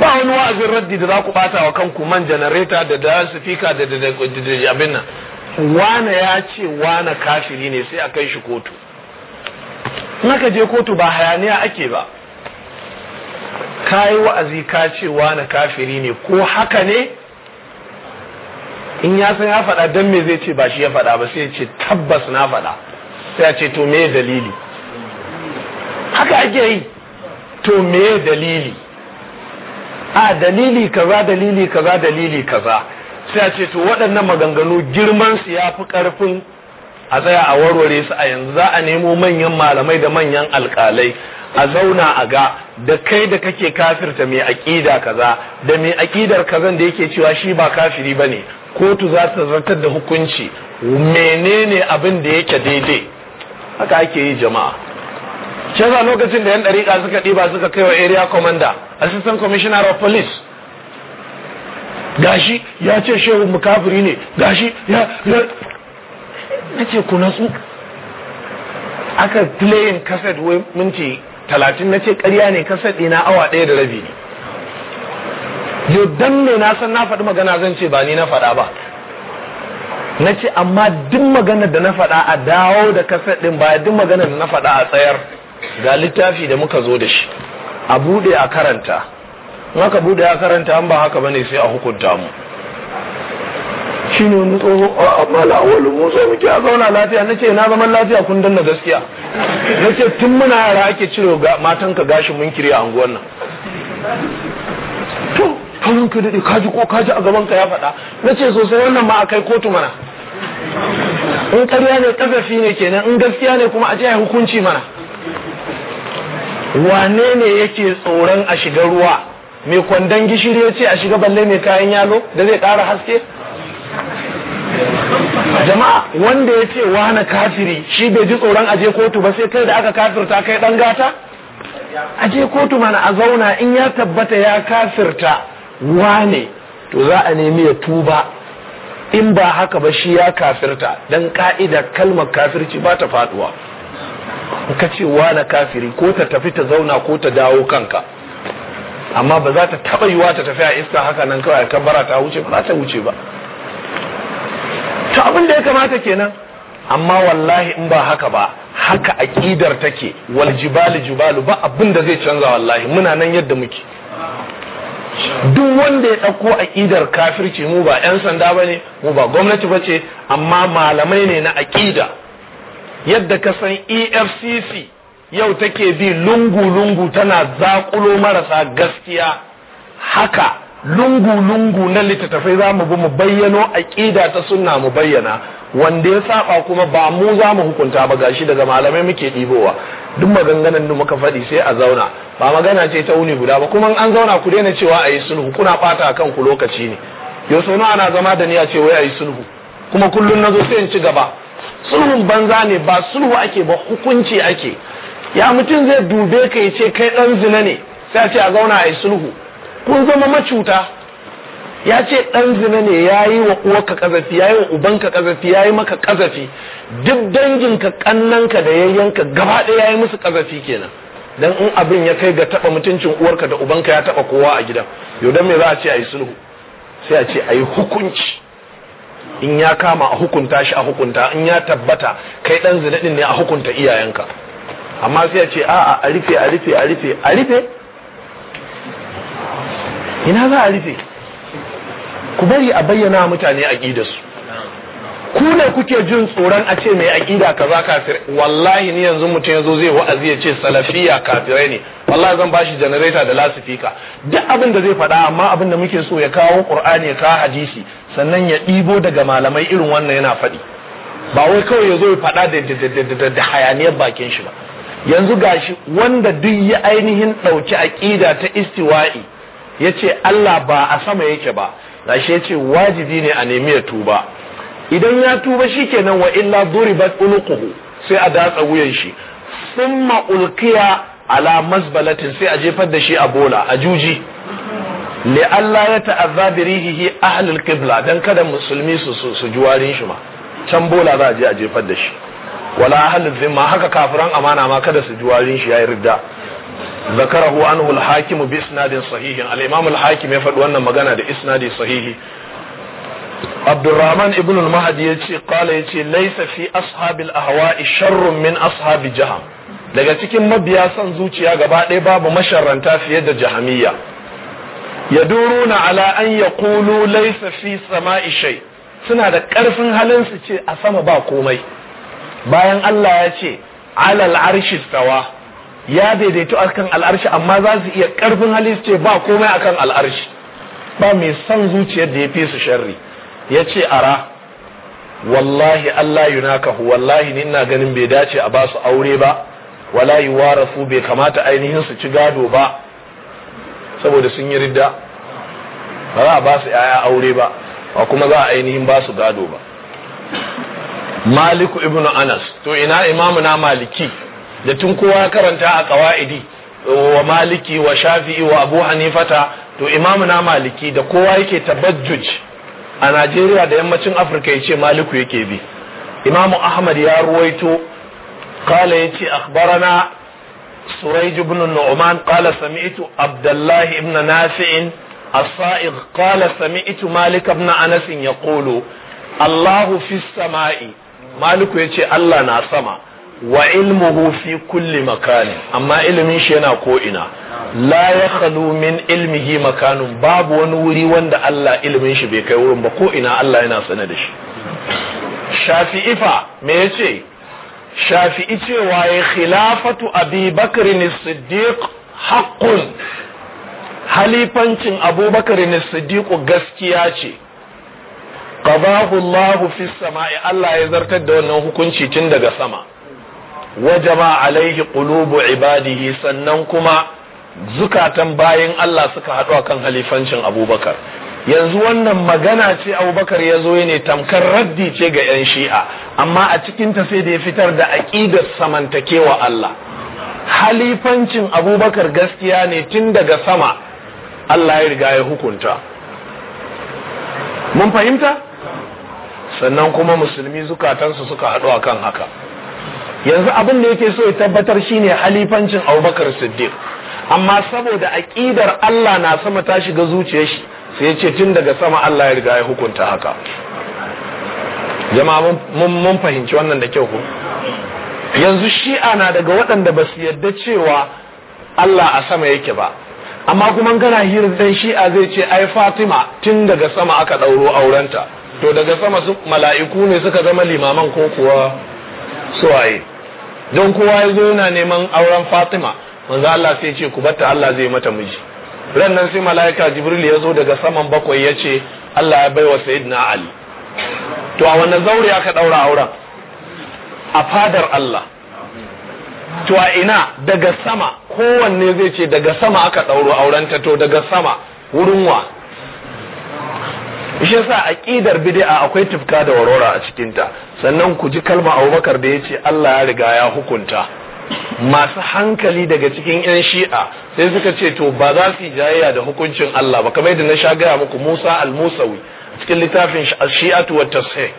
ba wani wa'azin raddi da za ku bata wa kanku man janareta da da sifika da da abin nan Wana ya ce wana kafiri ne sai a kai shi kotu in aka je kotu ba hayaniya ake ba Ka yi wa'azi ka ce na kafiri ne ko haka ne in ya san ya faɗa don me zai ce ba shi ya faɗa ba sai ce tabbas na faɗa sai ya ce to me dalili haka ake yi to me dalili a dalili kaza dalili kaza dalili kaza sai ce to waɗannan maganganu girman su ya fi ƙarfin a tsaya a warware su a yanzu za a nemo manyan malamai da manyan alkalai a zauna a ga da kai da kake kafirta mai aƙida kaza da mai aƙidar kazan da yake cewa shi ba kafiri ba ne kotu za ta zartar da hukunci menene abin da yake daidai haka ake yi jama'a shi lokacin da yan ɗariƙa suka ɗiba suka kai wa area commander assistant commissioner of police gashi ya ce shehu mukafiri ne gashi ya na ce ku nasu aka playin kaset wai minti talatin na ce karya ne kaset ɗina awa ɗaya da rabi ne yau dan ne na san na faɗi magana zan ce ba ni na faɗa ba na ce amma duk magana da na faɗa a dawo da kaset ɗin baya duk magana da na faɗa a tsayar ga littafi da muka zo da shi a buɗe a karanta in aka buɗe a karanta an ba haka bane sai a hukunta mu shine wani tsoho a mala awal musa muke a zauna lafiya na ce na zaman lafiya kun danna gaskiya Na ce tun muna yara ake cire matan ka gashin mun kiri a unguwan nan to kawun ka dade kaji ko kaji a gaban ka ya faɗa ce sosai wannan ma a kai kotu mana in ƙarya ne kafafi ne kenan in gaskiya ne kuma a ji hukunci mana wane ne yake tsoron a shiga ruwa mai kwandon gishiri ya ce a shiga balle mai kayan yalo da zai ƙara haske jama'a wanda ya ce na kafiri shi bai ji tsoron aje kotu ba sai kai da aka kafirta kai dan gata aje kotu mana a zauna in ya tabbata ya kafirta wane to za a nemi ya tuba in ba haka ba shi ya kafirta dan ka'ida kalmar kafirci ba ta faduwa ka ce na kafiri ko ta tafi ta zauna ko ta dawo kanka amma ba za ta taba yiwa ta tafi a iska haka nan kawai kabara ta wuce ba ta wuce ba to abin da ya kamata kenan amma wallahi in ba haka ba haka aƙidar take wal jibali jibalu ba abin da zai canza wallahi muna nan yadda muke duk wanda ya dauko aƙidar kafirci mu ba 'yan sanda ba mu ba gwamnati ba ce amma malamai ne na aƙida yadda ka san efcc yau take bi lungu-lungu tana zaƙulo marasa gaskiya haka lungu-lungu na littattafai za mu bi mu bayyano aƙida ta sunna mu bayyana wanda ya saba kuma ba mu za mu hukunta ba gashi daga malamai muke ɗibowa duk maganganan da muka faɗi sai a zauna ba magana ce ta wuni guda ba kuma an zauna ku daina cewa a yi sulhu kuna ɓata a kanku lokaci ne yau nawa ana zama da ni a ce wai a yi sulhu kuma kullum na zo sai in ci gaba sulhun banza ne ba sulhu ake ba hukunci ake ya mutum zai dube ka ya ce kai ɗan zina ne sai a ce a zauna a yi sulhu kun zama macuta ya ce ɗan zina ne ya yi wa uwarka ƙazafi ya yi wa ubanka ƙazafi ya yi maka ƙazafi duk danginka ƙannanka da yayyanka gaba ɗaya ya yi musu ƙazafi kenan dan in abin ya kai ga taɓa mutuncin uwarka da ubanka ya taɓa kowa a gidan yau dan me za a ce a yi sulhu sai a ce a yi hukunci in ya kama a hukunta shi a hukunta in ya tabbata kai ɗan zina ɗin ne a hukunta iyayenka amma sai a ce a'a a rufe a rufe a rufe a rufe ina za a rufe ku bari a bayyana mutane a su ku ne kuke jin tsoron a ce mai za kaza kafir wallahi ni yanzu mutum ya zo zai wa'azi ya ce salafiya kafirai ne wallahi zan bashi janareta da lasifika duk abin da zai faɗa amma abin da muke so ya kawo qur'ani ya kawo hadisi sannan ya ɗibo daga malamai irin wannan yana faɗi ba wai kawai ya zo ya faɗa da hayaniyar bakin shi ba yanzu gashi wanda duk ya ainihin ɗauki aƙida ta istiwa'i ya ce Allah ba a sama yake ba gashi ya ce wajibi ne a nemi ya tuba idan ya tuba shikenan wa illa duribat ulquhu sai a datsa wuyan shi summa ulqiya ala mazbalatin sai a jefar da shi a bola a juji li Allah ya ta'azza bi rihihi ahlul qibla dan kada musulmi su su juwarin shi ma can bola za a je a jefar da shi wala ahlul zimma haka kafiran amana ma kada su juwarin shi yayi ridda zakarahu anhu al-hakim bi isnadin sahihin al-imam al ya faɗi wannan magana da isnadi sahihi Abdulrahman ibn al-Mahdi yace qala yace laysa fi ashabil ahwa'i sharrun min ashabi jaham daga cikin mabiya son zuciya gaba ɗaya babu masharanta fiye da jahamiyya yaduruna ala an yaqulu laysa fi sama'i suna da ƙarfin halin su ce a sama ba komai bayan Allah ya ce alal arshi tawa ya daidaito akan al'arshi amma za su iya karfin hali su ce ba komai akan al'arshi ba mai son zuciyar da ya fi su sharri ya ce ara wallahi Allah yunakahu wallahi ni ina ganin bai dace a ba su aure ba wallahi yuwarasu bai kamata ainihin su ci gado ba saboda sun yi ridda ba za a ba su yaya aure ba ba kuma za a ainihin ba su gado ba maliku ibnu anas to ina imamu na maliki da tun kowa karanta a kawaidi wa maliki wa shafi'i wa abu hanifata to imamu na maliki da kowa yake tabajjuj a najeriya da yammacin afirka yace maliku yake bi imamu ahmad ya ruwaito kala yace أخبرنا سريج بن النعمان قال سمعت عبد الله بن نافع الصائغ قال سمعت مالك بن Allahu يقول الله في السماء مالك Allah الله sama. wa ilmuhu fi kulli makani amma ilimin shi yana ko ina la yakhlu min ilmihi makanun babu wani wuri wanda Allah ilimin shi bai kai wurin ba ko ina Allah yana sane da shi shafi'i fa me yace shafi'i cewa ya khilafatu abi bakr as-siddiq haqqun halifancin abubakar as-siddiq gaskiya ce qadahu Allah fi samai Allah ya zartar da wannan hukunci tun daga sama wajaba alaihi qulubu ibadihi sannan kuma zukatan bayan Allah suka haɗu akan halifancin abubakar yanzu wannan magana ce abubakar ya zo ne tamkar raddi ce ga 'yan shi'a amma a cikinta sai da ya fitar da aƙidar samantakewa Allah halifancin abubakar gaskiya ne tun daga sama Allah ya riga ya hukunta mun fahimta sannan kuma musulmi zukatansu suka haɗu akan haka yanzu abin da yake so ya tabbatar shine halifancin abubakar siddiq amma saboda aƙidar allah na sama ta shiga zuciya shi sai ya ce tun daga sama allah ya riga ya hukunta haka jama'a mun fahimci wannan da kyau ku? yanzu shi'a na daga waɗanda ba su yarda cewa allah a sama yake ba amma kuma kana hirar dan shi'a zai ce ai fatima tun daga sama aka ɗauro aurenta to daga sama mala'iku ne suka zama limaman ko kuwa suwaye don kowa ya zo yana neman auren fatima manzo Allah sai ce ku bata Allah zai mata miji ran nan sai mala'ika jibril ya zo daga saman bakwai ya ce Allah ya baiwa sayyidina ali to a wannan zaure aka daura auren a fadar Allah to a ina daga sama kowanne zai ce daga sama aka dauro auren ta to daga sama wurin wa shi yasa aqidar bidi'a akwai tufka da warora a cikinta sannan ku ji kalma Abubakar da ya ce Allah ya riga ya hukunta masu hankali daga cikin yan shi'a sai suka ce to ba za su jayayya da hukuncin Allah ba kamar yadda na sha gaya muku Musa al-Musawi cikin littafin Shi'atu wa Tashih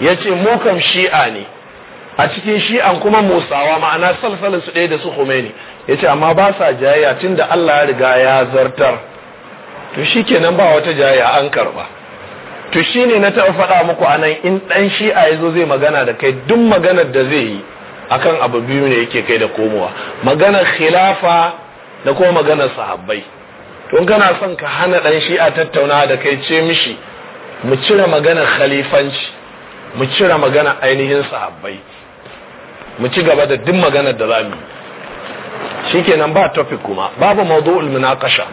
yace mu kam shi'a ne a cikin shi'an kuma musawa ma'ana salsalin su ɗaya da su Khomeini yace amma ba sa jayayya tunda Allah ya riga ya zartar to shi shikenan ba wata jayayya an karba to shi ne na taɓa faɗa muku a nan in ɗan shi'a ya zo zai magana da kai duk maganar da zai yi akan abu biyu ne yake kai da komowa maganar khilafa da kuma maganar sahabbai tun kana son ka hana ɗan a tattauna da kai ce mishi mu cire maganar khalifanci mu cire maganar ainihin sahabbai mu ci gaba da duk maganar da zamu shikenan ba topic kuma babu mawdu'ul munaqasha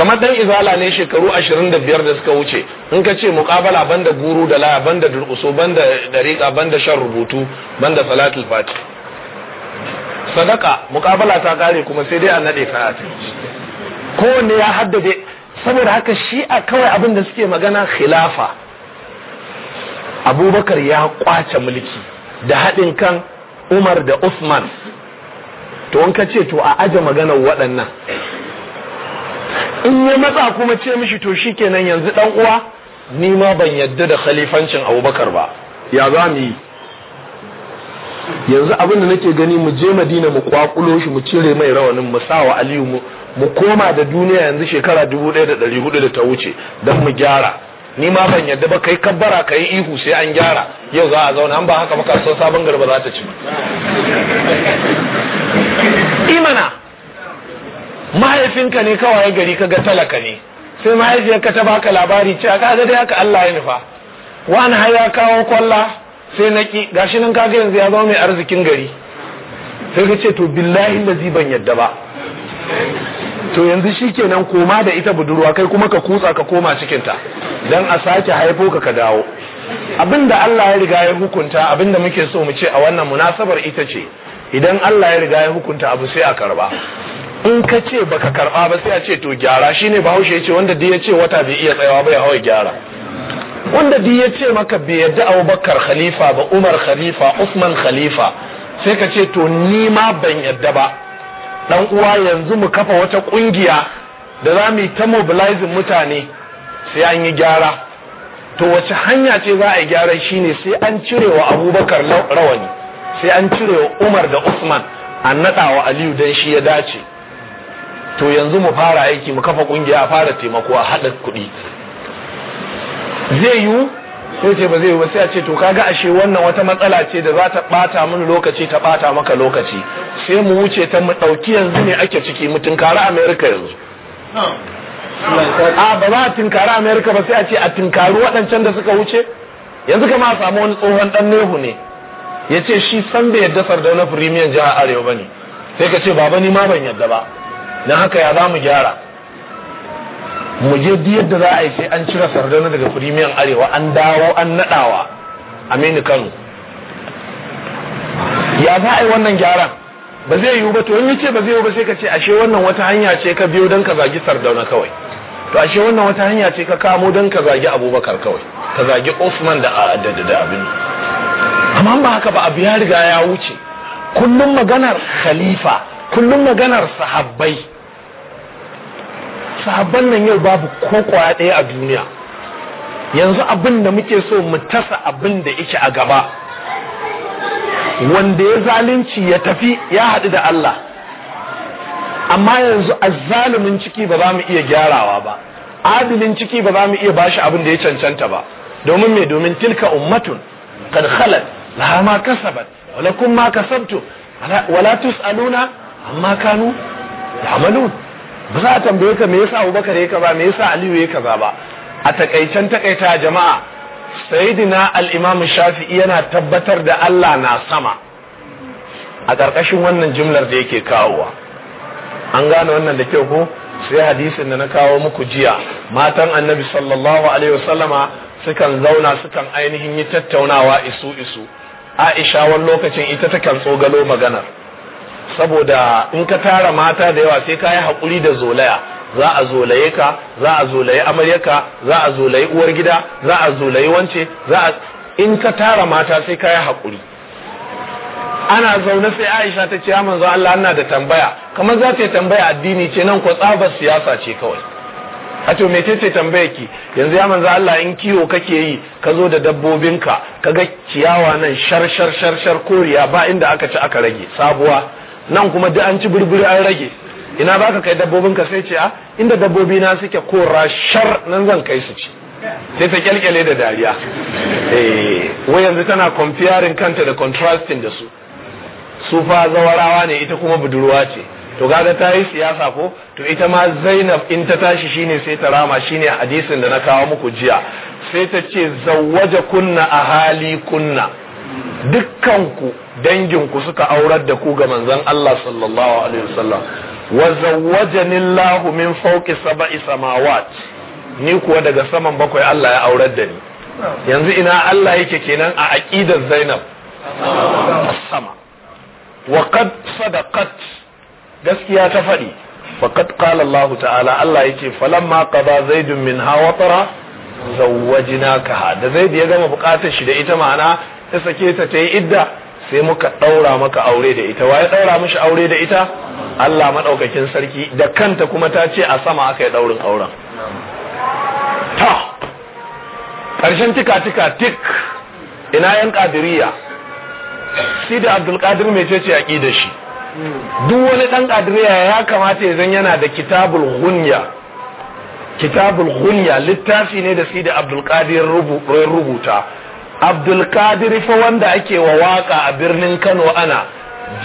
kamar dan izala ne shekaru 25 da suka wuce in ka ce muqabala banda guru da laya banda durkuso banda dariqa banda shan rubutu banda salatul fati sadaka muqabala ta kare kuma sai dai an nade ta ko ne ya haddade saboda haka shi'a kawai abin da suke magana khilafa abubakar ya kwace mulki da haɗin kan umar da usman to in ka ce to a aje maganar waɗannan in ya matsa kuma ce mishi to shi kenan yanzu dan uwa ni ma ban yadda da khalifancin abubakar ba ya za mu yi yanzu abin nake gani mu je madina mu kwakulo shi mu cire mai rawanin mu sawa aliyu mu koma da duniya yanzu shekara dubu ɗaya da ɗari hudu da ta wuce don mu gyara ni ma ban yadda ba kai kabbara ka yi ihu sai an gyara yau za a zauna an ba haka ba kasuwar sabon garba za ta ci imana mahaifinka ne kawai gari kaga talaka ne sai mahaifiyarka ta baka labari cewa kaga dai haka Allah ya nufa wani har ya kawo kwalla sai na ki gashi nan kaga yanzu ya zama mai arzikin gari sai ka ce to billahi lazi ban yadda ba to yanzu shi shikenan koma da ita budurwa kai kuma ka kutsa ka koma cikin ta dan a sake haifo ka ka dawo abinda Allah ya riga ya hukunta abinda muke so mu ce a wannan munasabar ita ce idan Allah ya riga ya hukunta abu sai a karba in ka ce baka karba ba sai a ce to gyara shine bahaushe ya ce wanda duk ya ce wata bai iya tsayawa ba ya hawa gyara wanda duk ya ce maka bai yadda abubakar khalifa ba umar khalifa usman khalifa sai ka ce to ni ma ban yadda ba dan uwa yanzu mu kafa wata kungiya da za mu ta mobilizing mutane sai an yi gyara to wace hanya ce za a yi gyara shine sai an cire wa abubakar rawani sai an cire wa umar da usman an naɗa wa aliyu don shi ya dace to yanzu mu fara aiki mu kafa kungiya a fara taimako a haɗa kuɗi zai yiwu sai ce ba zai yiwu sai a ce to kaga ashe wannan wata matsala ce da za ta ɓata mini lokaci ta ɓata maka lokaci sai mu wuce ta mu ɗauki yanzu ne ake ciki mu tunkari amerika yanzu a ba za a tunkari amerika ba sai a ce a tunkari waɗancan da suka wuce yanzu kama a samu wani tsohon ɗan nehu ne ya ce shi san bai yadda sardauna firimiyan jihar arewa ba ne sai ka ce baba ni ma ban yadda ba na haka ya za mu gyara mu je diyar yadda za a yi sai an cire sardana daga firimiyan arewa an dawo an naɗawa aminu kano ya za a yi wannan gyaran ba zai yiwu ba to in ce ba zai yiwu ba sai ka ce ashe wannan wata hanya ce ka biyo don ka zagi sardauna kawai to ashe wannan wata hanya ce ka kamo don ka zagi abubakar kawai ka zagi osman da da abin amma ba haka ba abu ya riga ya wuce kullum maganar khalifa kullum maganar sahabbai sahabban nan yau babu ko kwaya ɗaya a duniya yanzu abin da muke so mu tasa abin da yake a gaba wanda ya zalunci ya tafi ya haɗu da Allah amma yanzu a zalumin ciki ba za mu iya gyarawa ba adilin ciki ba za mu iya bashi abin da ya cancanta ba domin mai domin tilka ummatun Kan khalat la ma kasabat wa ma kasabtu wala tus'aluna amma kanu ya'malun ba za a tambaye ka me yasa Abubakar ya kaza me yasa Aliyu ya kaza ba a takaicen takaita jama'a sayyidina al-Imam Shafi'i yana tabbatar da Allah na sama a karkashin wannan jimlar da yake kawowa an gane wannan da kyau ko sai hadisin da na kawo muku jiya matan annabi sallallahu alaihi wasallama sukan zauna sukan ainihin yi tattaunawa isu isu aisha wani lokacin ita takan tsogalo maganar saboda in ka tara mata da yawa sai ka yi haƙuri da zolaya za a zolaye ka za a zolaye amaryarka za a zolaye uwar gida za a zolaye wance za a in ka tara mata sai ka yi haƙuri ana zaune sai aisha ta ce manzo Allah ana da tambaya kamar za ta tambaya addini ce nan ko tsabar siyasa ce kawai a to mece ce tambaya ki yanzu ya manzo Allah in kiwo kake yi ka zo da ka kaga ciyawa nan shar shar koriya ba inda aka ci aka rage sabuwa nan kuma duk an ci burburi an rage ina ba kai dabbobin ka sai ce a ah, inda dabbobi na suke kora shar nan zan kai su ci sai ta kyalkyale da dariya eh, wai yanzu tana comparing kanta da contrasting da su su fa zawarawa ne ita kuma budurwa ce to gaga ta yi siyasa ko to ita ma zainab in ta tashi shine sai ta rama shine hadisin da na kawo muku jiya sai ta ce zawwaja kunna a hali kunna dukkanku danginku suka aurar da ku ga manzon Allah sallallahu alaihi wasallam wa zawwajani Allah min fawqi sab'i samawat ni kuwa daga saman bakwai Allah ya aurar da ni yanzu ina Allah yake kenan a aqidar Zainab sama wa qad sadaqat gaskiya ta faɗi faqad qala Allah ta'ala Allah yake falamma qada zaidun min hawatara zawajnaka da zaid ya gama bukatar shi da ita ma'ana ta sake ta ta yi idda sai muka ɗaura maka aure da ita waye ɗaura mishi aure da ita Allah maɗaukakin sarki da kanta kuma ta ce a sama aka yi ɗaurin auren ta ƙarshen tika tika tik ina yan ƙadiriya sidi abdulkadir mai ce ce yaƙi da shi duk wani ɗan ƙadiriya ya kamata ya zan yana da kitabul hunya kitabul hunya littafi ne da sidi abdulkadir rubuta abdulkadir fa wanda ake wa waka a birnin kano ana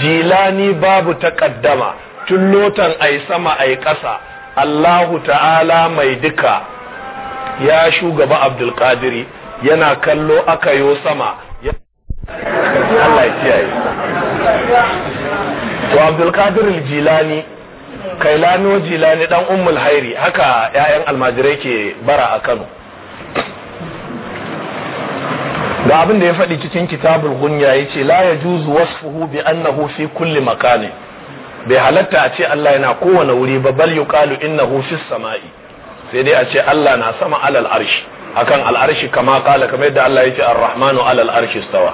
jilani babu takaddama tun lotan ai sama ai ƙasa allahu ta'ala mai duka ya shugaba abdulkadiri yana kallo aka yo sama Allah kiyaye to abdulkadir jilani kailano jilani dan ummul hairi haka 'ya'yan almajirai ke bara a kano ga abin da ya faɗi cikin kitabul gunya ya ce la ya juzu wasfuhu bi annahu fi kulli makani bai halatta a ce Allah yana kowane wuri ba bal yuqalu innahu fis sama'i sai dai a ce Allah na sama alal arshi akan al arshi kama kala kamar yadda Allah yake ar-rahmanu alal arshi stawa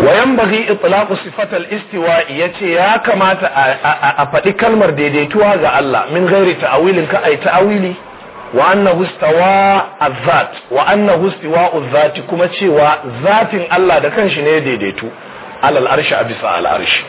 wa yanbaghi itlaqu sifat al-istiwa yace ya kamata a faɗi kalmar daidaituwa ga Allah min ghairi ta'awilin ka ai ta'awili wa annahu istawa az wa annahu zati kuma cewa zatin Allah da kanshi ne daidaito alal arshi a bisa al arshi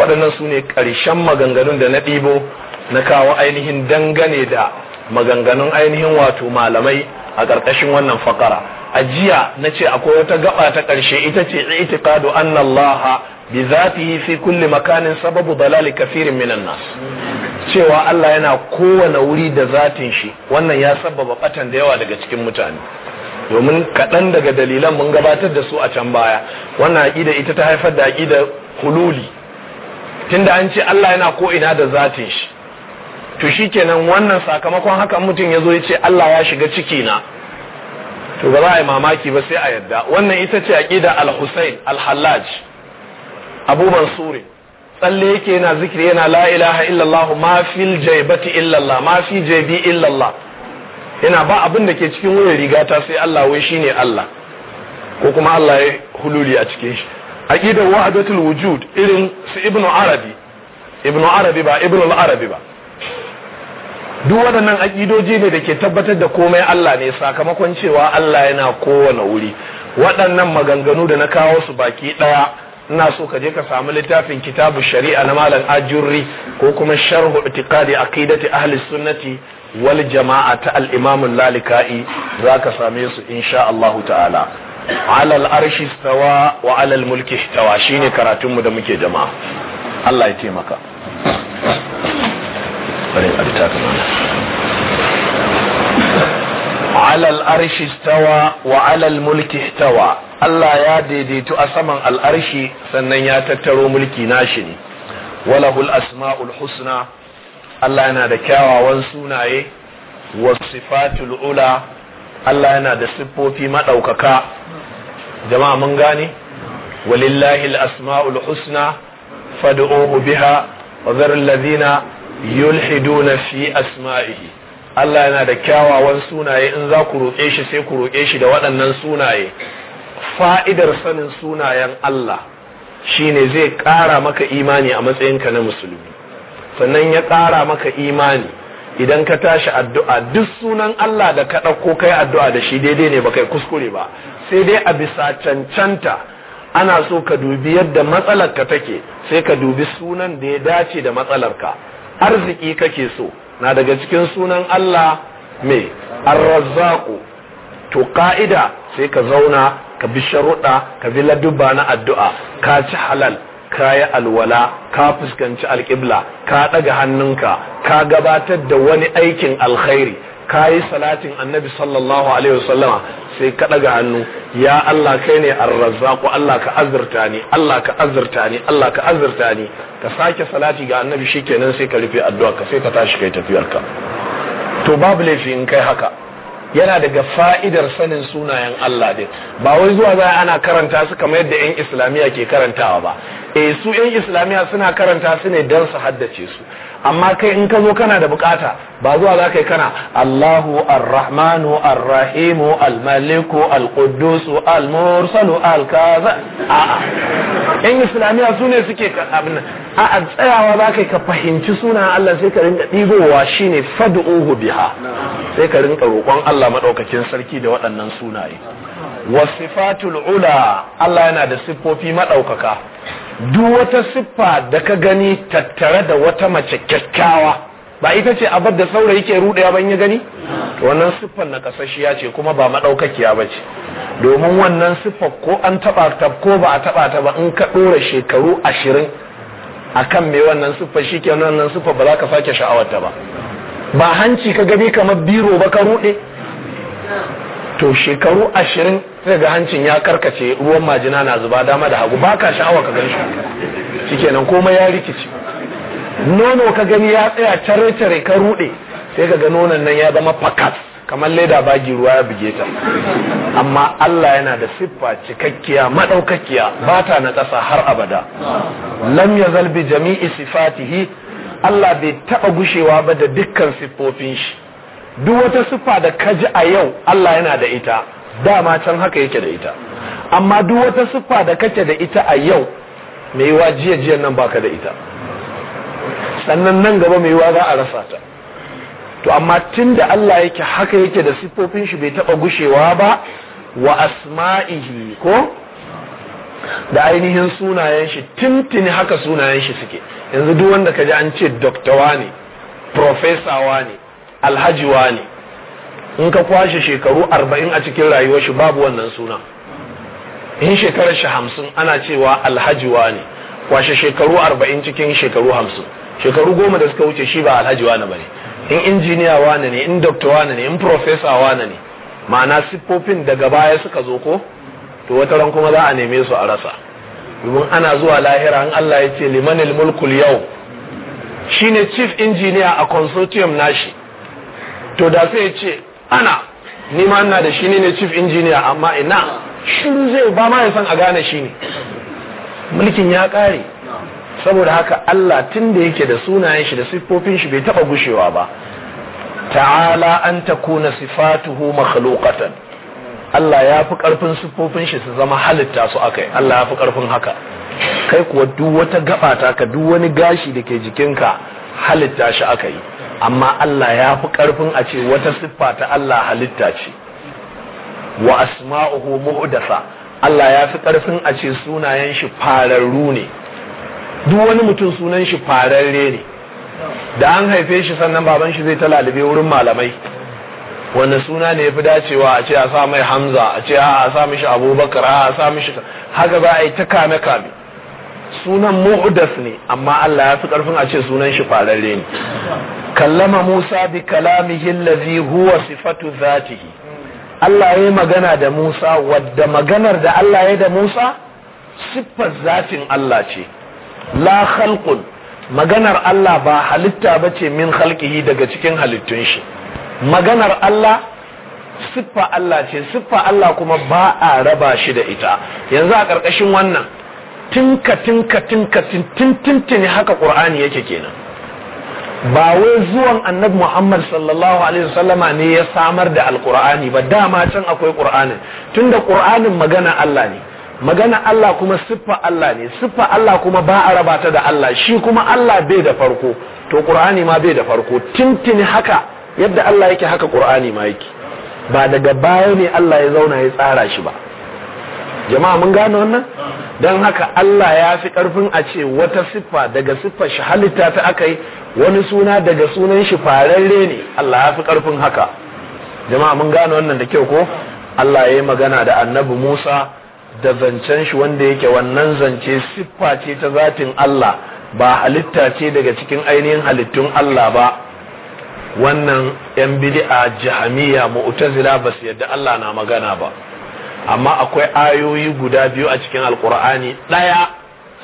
waɗannan su ne ƙarshen maganganun da na ɗibo na kawo ainihin dangane da maganganun ainihin wato malamai a ƙarƙashin wannan fakara a jiya na ce akwai wata gaba ta ƙarshe ita ce itiqadu anna Allah bi zatihi fi kulli makanin sababu dalali kafirin minan nas cewa Allah yana kowane wuri da zatin shi wannan ya sababa batan da yawa daga cikin mutane domin kaɗan daga dalilan mun gabatar da su a can baya wannan aƙida ita ta haifar da aƙida hululi tunda an ce Allah yana ko ina da zatin shi to shikenan wannan sakamakon haka mutum ya zo ya ce Allah ya shiga ciki na to ba za a yi mamaki ba sai a yadda wannan ita ce aqida al-Husayn al-Hallaj Abu Mansur tsalle yake yana zikiri yana la ilaha illallah ma fil jaybati illallah ma fi jaybi illallah yana ba abin da ke cikin wurin rigata sai Allah wai shine Allah ko kuma Allah ya hululi a cikin shi aqida wahdatul wujud irin su Ibn Arabi Ibn Arabi ba Ibn al-Arabi ba duk waɗannan aƙidoji ne da ke tabbatar da komai Allah ne sakamakon cewa Allah yana kowane wuri waɗannan maganganu da na kawo su baki ɗaya ina so ka je ka samu littafin kitabu shari'a na malam ajurri ko kuma sharhu itiqadi aqidati ahli sunnati wal jama'a ta al-imam za ka zaka same su insha Allah ta'ala ala al-arshi istawa wa ala mulki istawa shine karatun mu da muke jama'a Allah ya taimaka tsarin abitakin wani alal arshi stawa wa alal mulki tawa. Allah ya daidaitu a saman al'arshi sannan ya tattaro mulki nashi ne walahul asma'ul husna Allah yana da kyawawan sunaye wa sifatul ula Allah yana da siffofi maɗaukaka jama'a mun gane walillahi asma'ul husna fad'uhu biha wa zarul ladina yulhiduna fi asma'ihi Allah yana da kyawawan sunaye in za ku roƙe shi sai ku roƙe shi da waɗannan sunaye fa'idar sanin sunayen Allah shine zai ƙara maka imani a matsayinka na musulmi sannan ya ƙara maka imani idan ka tashi addu'a duk sunan Allah da ka ɗauko kai addu'a da shi daidai ne ba kai kuskure ba sai dai a bisa cancanta ana so ka dubi yadda matsalarka take sai ka dubi sunan da ya dace da matsalarka arziki kake so na daga cikin sunan Allah mai arrazzaku to ka'ida sai ka zauna ka bi sharuɗa ka bi laduba na addu'a ka ci halal ka yi alwala ka fuskanci alƙibla ka ɗaga hannunka ka gabatar da wani aikin alkhairi ka yi salatin annabi sallallahu alaihi wasallama sai ka ɗaga hannu ya Allah kai ne arrazzaku Allah ka azurta ni Allah ka azurta ni Allah ka azurta ni ka sake salati ga annabi shikenan sai ka rufe addu'a ka sai ka tashi kai tafiyarka to babu laifi in kai haka yana daga fa'idar sanin sunayen Allah din ba wai zuwa za ana karanta su kamar yadda 'yan islamiya ke karantawa ba eh su 'yan islamiyya suna karanta su ne dan su haddace su amma kai in ka zo kana da bukata ba zuwa za ka yi kana Allahu Ar-Rahmanu Ar-Rahimu Al-Maliku Al-Quddusu Al-Mursalu Al-Kaza a'a in islamiya su ne suke abin a'a tsayawa za ka ka fahimci sunan Allah sai ka rinka ɗigowa shine fadu'uhu biha sai ka rinka roƙon Allah madaukakin sarki da waɗannan sunaye wasifatul ula Allah yana da siffofi maɗaukaka duk wata siffa da ka gani tattare da wata mace kyakkyawa ba ita ce abar da saurayi ke rudewa ban ya gani to wannan siffar na kasashiya ce kuma ba madaukakiya ba ce domin wannan siffar ko an taba ta ko ba a taba ta ba in ka dora shekaru ashirin akan me wannan siffar shi ke wannan siffar ba za ka sake sha'awar ta ba ba hanci ka gani kamar biro ba ka rude to shekaru ashirin sai ga hancin ya karkace ruwan majina na zuba dama da hagu ba ka sha'awa ka gani shi kenan komai ya rikici nono ka gani ya tsaya tare-tare ka rude sai ka ga nonon nan ya zama fakas kamar leda bagi ruwa ya buge ta amma Allah yana da siffa cikakkiya madaukakiya ba ta na ƙasa har abada lam zalbi zalbi jami'i sifatihi Allah bai taɓa gushewa ba da dukkan siffofin shi duk wata siffa da kaji a yau Allah yana da ita dama can haka yake da ita amma duk wata siffa da kake da ita a yau mai yiwa jiya jiyan nan baka da ita sannan nan gaba mai wa za a rasa ta to amma tun da Allah yake haka yake da siffofin shi bai taba gushewa ba wa asma'ihi ko da ainihin sunayen shi tintini haka sunayen shi suke yanzu duk wanda kaji an ce doktawa ne wa ne wa ne in ka kwashe shekaru arba'in a cikin rayuwar shi babu wannan suna in shekarar shi hamsin ana cewa alhajiwa ne kwashe shekaru arba'in cikin shekaru hamsin shekaru goma da suka wuce shi ba alhajiwa ne bane in injiniya wane ne in dokta wane ne in profesa wane ne ma'ana siffofin daga baya suka zo ko to wata ran kuma za a neme su a rasa domin ana zuwa lahira in Allah ya ce limanil mulkul yau shine chief engineer a consortium nashi to da sai ya ce ana nima ma ina da shi ne ne chief engineer amma ina shiru zai ba ma ya san a gane shi ne mulkin ya kare saboda haka Allah tun da yake da sunayen shi da siffofin shi bai taba gushewa ba ta'ala an takuna sifatuhu makhluqatan Allah ya fi karfin siffofin shi su zama halitta su akai Allah ya fi karfin haka kai kuwa duk wata gaba ta ka duk wani gashi da ke jikinka halitta shi aka yi amma Allah ya fi ƙarfin a ce wata siffa ta Allah halitta ce wa asma'uhu muhdatha Allah ya fi ƙarfin a ce sunayen shi fararru ne duk wani mutum sunan shi fararre ne da an haife shi sannan baban shi zai ta lalube wurin malamai wanda suna ne ya fi dacewa a ce a sa mai hamza a ce a sa mishi abubakar a sa mishi haka za a yi ta kame kame sunan mu'das ne amma Allah ya fi karfin a ce sunan shi kwararre ne kallama Musa bi kalamihi allazi huwa sifatu zatihi Allah ya magana da Musa wadda maganar da Allah ya da Musa siffar zatin Allah ce la khalqun maganar Allah ba halitta bace min khalqihi daga cikin halittun shi maganar Allah siffa Allah ce siffa Allah kuma ba a raba shi da ita yanzu a ƙarƙashin wannan tinka tinka tinka tintintini haka qur'ani yake kenan ba wai zuwan annabi muhammad sallallahu alaihi wasallama ne ya samar da alqur'ani ba dama can akwai qur'ani tunda qur'anin magana Allah ne magana Allah kuma siffa Allah ne siffa Allah kuma ba a raba ta da Allah shi kuma Allah bai da farko to qur'ani ma bai da farko tintini haka yadda Allah yake haka qur'ani ma yake ba daga baya ne Allah ya zauna ya tsara shi ba jama'a mun gane wannan don haka Allah ya fi ƙarfin a ce wata siffa daga siffa shi halitta ta aka yi wani suna daga sunan shi fararre ne Allah ya fi ƙarfin haka jama'a mun gane wannan da kyau ko Allah ya yi magana da annabi Musa da zancen shi wanda yake wannan zance siffa ce ta zatin Allah ba halitta ce daga cikin ainihin halittun Allah ba wannan 'yan bid'a jahamiya mu'tazila ba su yadda Allah na magana ba amma akwai ayoyi guda biyu a cikin alkur'ani ɗaya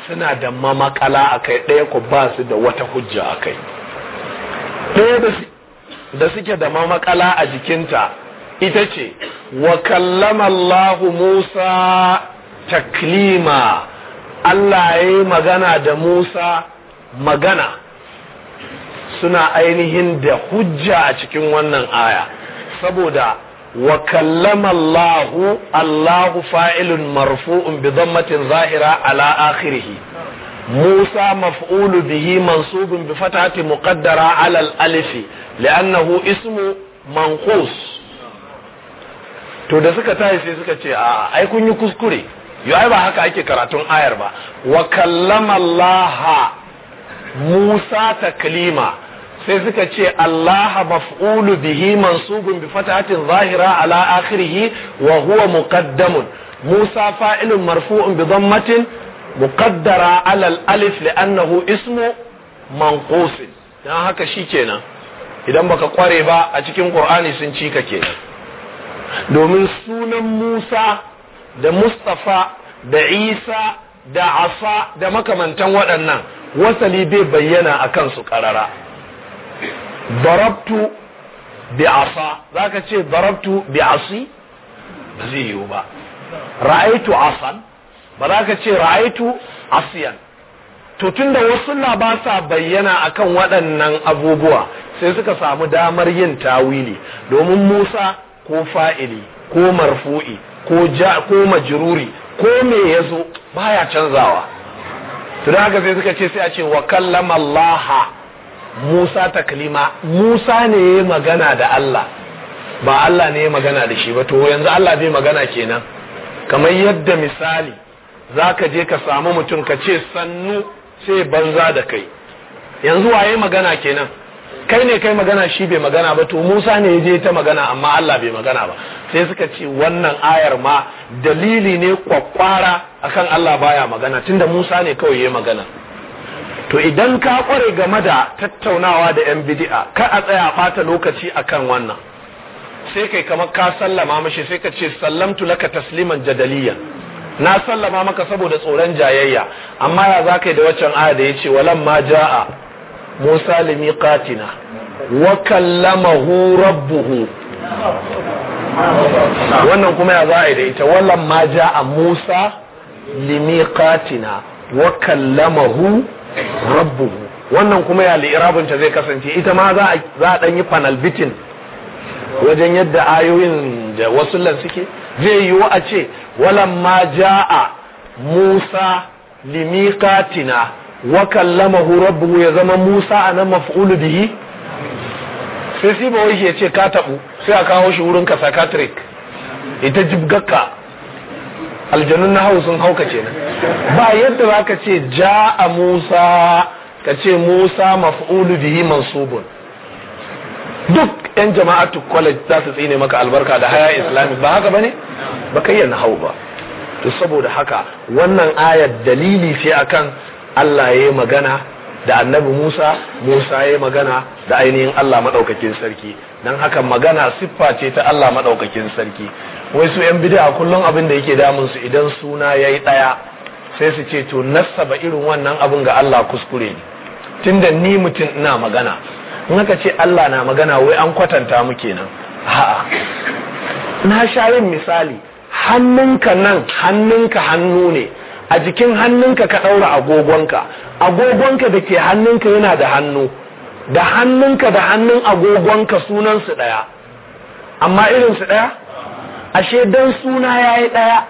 suna da mamakala a kai ɗaya ku ba su da wata hujja a kai ɗaya da suke da mamakala a jikinta ita ce wa kallama Musa taklima Allah ya yi magana da Musa magana suna ainihin da hujja a cikin wannan aya saboda وكلم الله الله فاعل مرفوع بضمة ظاهرة على آخره موسى مفعول به منصوب بفتحة muƙaddara على الألف لأنه ismu منقوص to da suka ta sai suka ce aa, ai kun yi kuskure yo ba haka ake karatun ayar ba wa kallama Allah Musa taklima sai suka ce Allah maf'ulu bihi mansubun bi fatahatin zahira ala akhirih wa huwa muqaddamun Musa fa'ilun marfu'un bi dhammatin muqaddara ala al-alif li'annahu ismu manqus dan haka shikenan idan baka kware ba a cikin Qur'ani sun ci kenan domin sunan Musa da Mustafa da Isa da Asa da makamantan waɗannan wasali bai bayyana akan su ƙarara darabtu bi asa zaka ce darabtu bi asi ba zai yiwu ba ra'aitu asan ba za ka ce ra'aitu asiyan to tunda wasu na ba sa bayyana akan waɗannan abubuwa sai suka samu damar yin tawili domin musa ko fa'ili ko marfu'i ko ja ko majruri ko me yazo baya canzawa to haka sai suka ce sai a ce wa kallama allaha Musa ta kalima Musa ne ya magana da Allah ba Allah ne ya magana da shi ba to yanzu Allah bai magana kenan kamar yadda misali zaka je ka samu mutum ka ce sannu sai banza da kai yanzu waye magana kenan kai ne kai magana shi bai magana ba to Musa ne ya je ta magana amma Allah bai magana ba sai suka ce wannan ayar ma dalili ne kwakwara akan Allah baya magana tunda Musa ne kawai ya magana to idan ka kware game da tattaunawa da yan bidi'a kar a tsaya fata lokaci akan wannan sai kai kamar ka sallama mashi sai ka ce sallamtu laka tasliman jadaliya na sallama maka saboda tsoron jayayya amma ya za ka yi da waccan aya da ya ce walan ma ja'a musa limi katina, wa hu rabbuhu wannan kuma ya za a da ita walan ma ja'a musa limi katina wa kallamahu rabbu wannan kuma ya li'irabin ta zai kasance ita ma za a dan yi panel bitin wajen yadda ayoyin da wasu lan suke zai yi a ce ma ja'a Musa limiqatina wa kallamahu rabbuhu ya zama Musa anan maf'ulu bihi sai ba wai ya ce ka tabu sai a kawo shi wurin ka psychiatric ita jibgakka aljanun na hau sun hauka nan ba yadda za ka ce ja a musa ka ce musa maf'ulu bihi mansubun duk yan jama'atu college za su tsine maka albarka da haya islamic ba haka ba ne ba kai yana hau ba to saboda haka wannan ayar dalili ce akan Allah ya yi magana da annabi Musa Musa ya yi magana da ainihin Allah maɗaukakin sarki don haka magana siffa ce ta Allah maɗaukakin sarki wai su yan bid'a kullum abin da yake damun su idan suna yayi ɗaya sai su ce to nasaba irin wannan abin ga Allah kuskure ne tunda ni mutum ina magana in aka ce Allah na magana wai an kwatanta mu kenan a'a na sha yin misali hannunka nan hannunka hannu ne a jikin hannunka ka ɗaura agogonka agogonka da ke hannunka yana da hannu da hannunka da hannun agogonka sunansu ɗaya amma irinsu ɗaya ashe dan suna ya yi ɗaya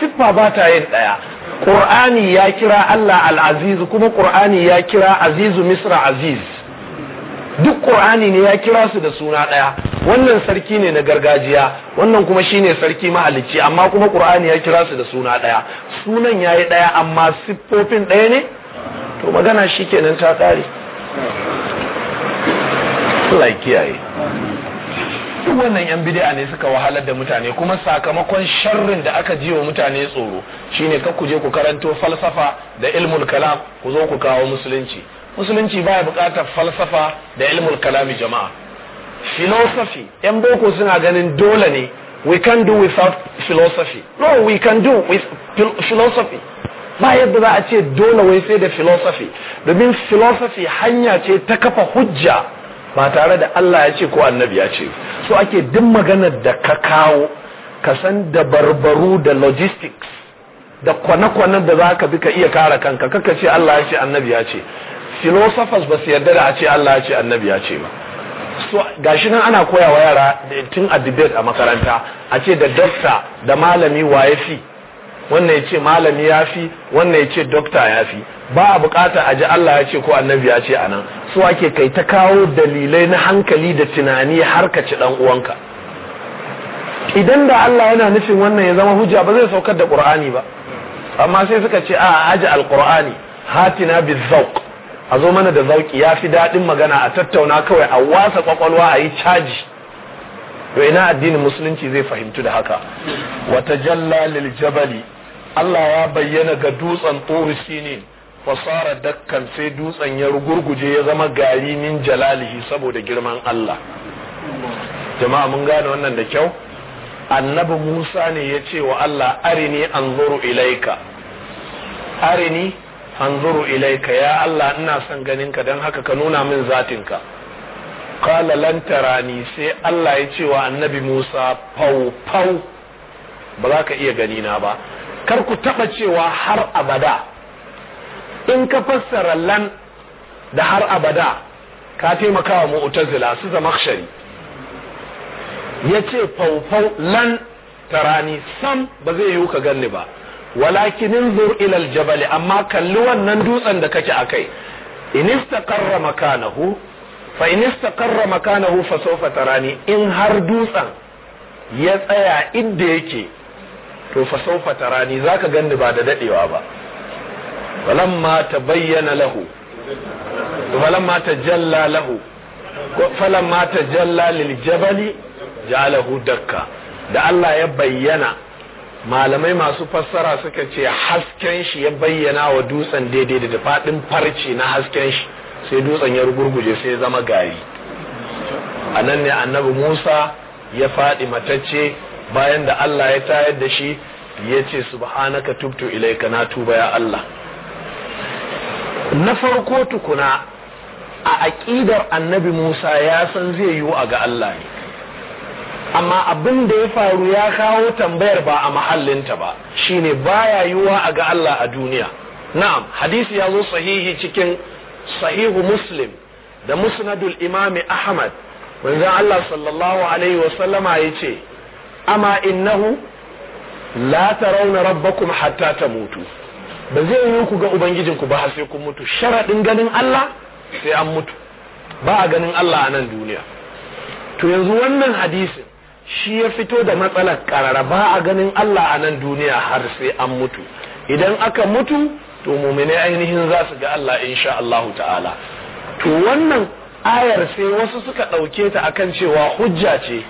siffa ba ta yin ɗaya ƙur'ani ya kira Allah al'azizu kuma ƙur'ani ya kira azizu misra aziz duk ƙur'ani ne ya kira su da suna ɗaya wannan sarki ne na gargajiya wannan kuma shine sarki mahalicci amma kuma ƙur'ani ya kira su da suna ɗaya sunan ya yi ɗaya amma siffofin ɗaya ne to magana shi kenan ta ƙare Allah ya kiyaye duk wannan yan bid'a ne suka wahalar da mutane kuma sakamakon sharrin da aka jiwa mutane tsoro shine ka ku je ku karanto falsafa da ilmul kalam ku zo ku kawo musulunci musulunci baya bukatar falsafa da ilmul kalam jama'a philosophy yan boko suna ganin dole ne we can do without philosophy no we can do with philosophy ba yadda za a ce dole wai sai da philosophy domin philosophy hanya ce ta kafa hujja ba tare da Allah ya ce ko annabi ya ce so ake duk maganar da ka kawo ka san da barbaru da logistics da kwane-kwanen da za ka bi ka iya kara kanka kaka ce Allah ya ce annabi ya ce philosophers ba su yarda da a ce Allah ya ce annabi ya ce ba so gashi nan ana koyawa yara eh, tun a debate a makaranta a ce da dasta da malami waye fi wannan ya ce malami ya fi wannan ya ce dokta ya fi ba a bukata a ji Allah ya ce ko annabi ya ce anan su ake kai ta kawo dalilai na hankali da tunani har ka ci dan uwanka idan da Allah yana nufin wannan ya zama hujja ba zai saukar da Qur'ani ba amma sai suka ce a aji alqur'ani hatina bizauq a zo mana da zauki ya fi daɗin magana a tattauna kawai a wasa kwakwalwa a yi caji to ina addinin musulunci zai fahimtu da haka wata jalla lil jabali Allah ya bayyana ga dutsen turu sinin fasara dakkan sai dutsen ya rugurguje ya zama gari min jalalihi saboda girman Allah jama'a mun gane wannan da kyau annabi Musa ne ya ce wa Allah arini anzuru ilaika arini anzuru ilaika ya Allah ina son ganinka don haka ka nuna min zatinka kala lan tarani sai Allah ya ce wa annabi Musa fau fau ba za ka iya ganina ba kar ku taɓa cewa har abada in ka fassara lan da har abada ka taimaka wa mu'tazila su zama shari ya ce faufau lan tarani sam ba zai yiwu ka ganni ba walakinin zur ilal jabali amma kalli wannan dutsen da kake a kai in istaqarra makanahu fa in istaqarra makanahu fa sawfa tarani in har dutsen ya tsaya inda yake to fa sawfa tarani zaka gani ba da dadewa ba falamma bayyana lahu falamma jalla lahu falamma jalla lil jabali jalahu dakka da Allah ya bayyana malamai masu fassara suka ce hasken shi ya bayyana wa dutsen daidai da faɗin farce na hasken shi sai dutsen ya rugurguje sai zama gari a nan ne annabi musa ya faɗi matacce bayan da Allah ya tayar da shi ya ce subhanaka tubtu ilaika na tuba ya Allah na farko tukuna a aƙidar annabi Musa ya san zai yiwu a ga Allah ne amma abin da ya faru ya kawo tambayar ba a mahallinta ba shine baya yiwuwa a ga Allah a duniya na'am hadisi ya zo sahihi cikin sahihu muslim da musnadul imami ahmad wanzan Allah sallallahu alaihi wasallama ya ce amma innahu la tarawna rabbakum hatta tamutu ba zai yi ku ga ubangijinku ba har sai kun mutu sharadin ganin Allah sai an mutu ba a ganin Allah a nan duniya to yanzu wannan hadisin shi ya fito da matsalar karara ba a ganin Allah a nan duniya har sai an mutu idan aka mutu to mumine ainihin za su ga Allah insha Allah ta'ala to wannan ayar sai wasu suka ɗauke ta akan cewa hujja ce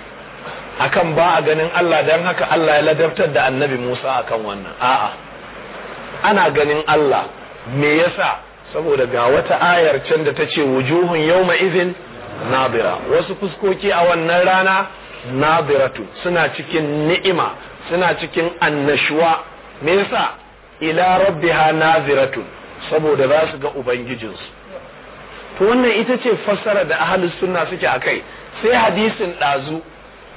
akan ba a ganin Allah don haka Allah ya ladabtar da annabi Musa akan wannan a'a ana ganin Allah me yasa saboda ga wata ayar can da tace ce wujuhun yawma izin nadira wasu fuskoki a wannan rana nadiratu suna cikin ni'ima suna cikin annashuwa me yasa ila rabbiha nadiratu saboda za su ga ubangijinsu to wannan ita ce fassara da ahlus sunna suke akai sai hadisin dazu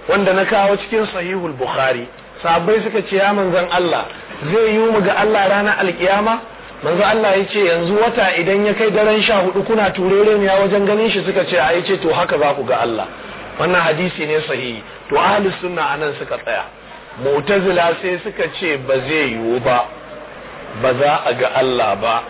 wanda na kawo cikin sahihul bukhari sahabbai suka ce ya manzon Allah zai yi mu ga Allah ranar alkiyama manzo Allah ya ce yanzu wata idan ya kai daren sha hudu kuna turere ne wajen ganin shi suka ce a yi ce to haka za ku ga Allah wannan hadisi ne sahihi to ahli sunna anan suka tsaya mu'tazila sai suka ce ba zai yiwu ba ba za a ga Allah ba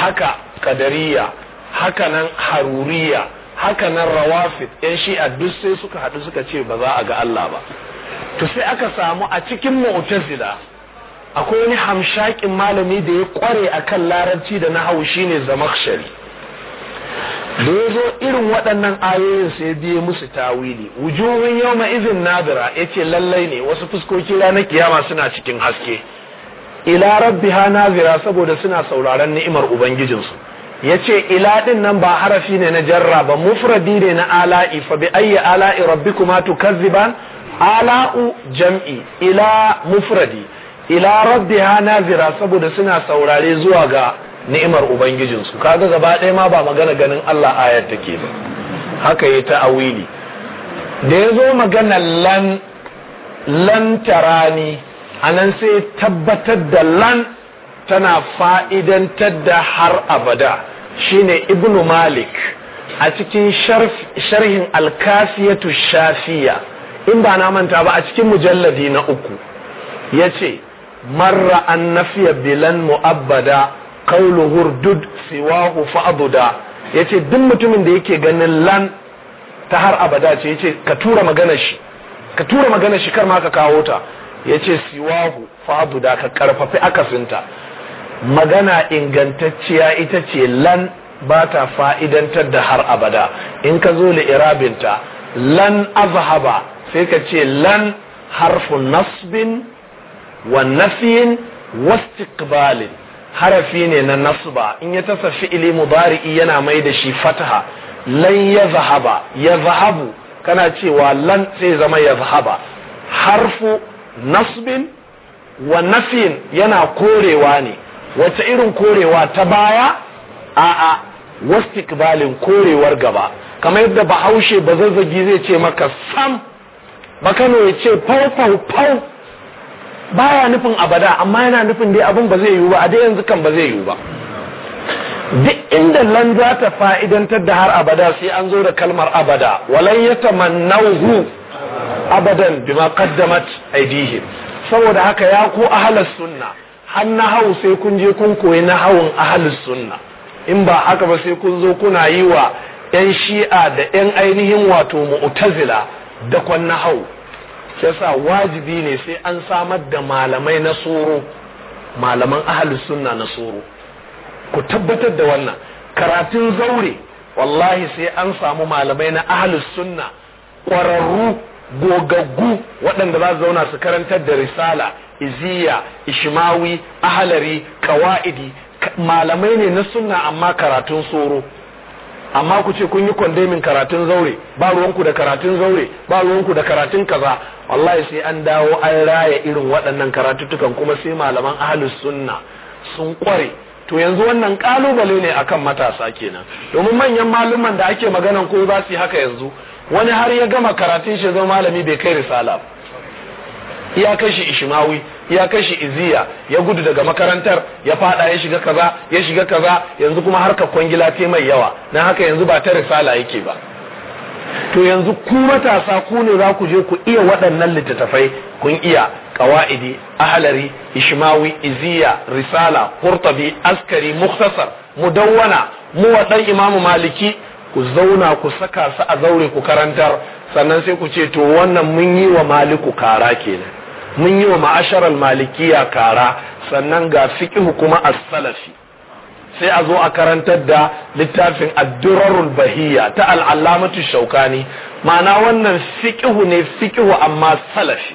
haka kadariya haka nan haruriya haka nan rawafid yan shi'a duk sai suka haɗu suka ce ba za a ga Allah ba to sai aka samu a cikin mu'tazila akwai wani hamshakin malami da ya kware akan larabci da nahawu shine zamakhshari da ya zo irin waɗannan ayoyin sai biye musu tawili wujuhun yawma izin nadira yace lallai ne wasu fuskoki ranar kiyama suna cikin haske ila rabbiha nazira saboda suna sauraron ni'imar ubangijinsu ya ce ila ɗin nan ba harafi ne na jarra ba mufradi ne na ala'i fa bi ayi ala'i rabbikuma tukazziban ala'u jam'i ila mufradi ila rabbiha nazira saboda suna saurare zuwa ga ni'imar ubangijinsu kaga gaba ɗaya ma ba magana ganin Allah ayar take ba haka ta awili da ya zo magana lan lan tarani anan sai tabbatar da lan tana fa'idantar da har abada shine ibnu malik a cikin sharhin alkafiyatu shafiya in ba na manta ba a cikin mujalladi na uku ya ce marra an nafiya bilan mu'abbada kaulu hurdud siwahu fa'abuda ya ce duk mutumin da yake ganin lan ta har abada ce ya ce ka tura magana shi ka tura magana shi kar ma ka kawo ta ya ce siwahu fa'abuda ka karfafi akasinta magana ingantacciya ita ce lan ba ta fa'idantar da har abada in ka zo irabinta lan azhaba sai ka ce lan harfin nasbin wa nafiyin wastiqbalin harafi ne na nasba in ya tasa fi'ili mubari'i yana mai da shi fataha lan ya zahaba ya zahabu kana cewa lan sai zama ya zahaba harfu nasbin wa nafiyin yana korewa ne wata irin korewa ta baya a'a wastikbalin korewar gaba kamar yadda bahaushe ba zazzagi zai ce maka sam ba Kano ya ce pau pau pau baya nufin abada amma yana nufin dai abin ba zai yiwu ba a dai yanzu kan ba zai yiwu ba duk inda lan za ta fa'idantar da har abada sai an zo da kalmar abada walan ya tamannahu abadan bima qaddamat aidihim saboda haka ya a halar sunna har nahau sai kun je kun koyi nahawun ahalus sunna in ba haka ba sai kun zo kuna yi wa yan shi'a da yan ainihin wato mu'tazila da kwan nahau yasa wajibi ne sai an samar da malamai na soro malaman ahalus sunna na tsoro ku tabbatar da wannan karatun zaure wallahi sai an samu malamai na ahalus sunna ƙwararru gogaggu waɗanda za su zauna su karantar da risala iziya Ishimawi, ahalari kawa'idi malamai ne na sunna amma karatun tsoro amma ku ce kun yi kwandemin karatun zaure ba ruwanku da karatun zaure ba ruwanku da karatun kaza wallahi sai an dawo an raya irin waɗannan karatuttukan kuma sai malaman ahalus sunna sun kware to yanzu wannan kalubale ne akan matasa kenan domin manyan malaman da ake maganan ko za su yi haka yanzu wani har ya gama karatun shi zama malami bai kai risala ya kashi ishimawi ya kashi iziya ya gudu daga makarantar ya fada ya shiga kaza ya shiga kaza yanzu kuma harka kwangila te mai yawa na haka yanzu ba ta risala yake ba to yanzu ku matasa ku ne za ku je ku iya waɗannan littattafai kun iya ƙawa'idi ahalari ishimawi iziya risala hurtabi askari muktasar mudawwana mu waɗan imamu maliki ku zauna ku saka su a zaure ku karantar sannan sai ku ce to wannan mun yi wa maliku kara kenan mun yi wa ma'asharar malikiya kara sannan ga fiqhu kuma a salafi sai a zo a karantar da littafin addurarul bahiya ta al'alamatu shaukani ma'ana wannan fiqhu ne fiqhu amma salafi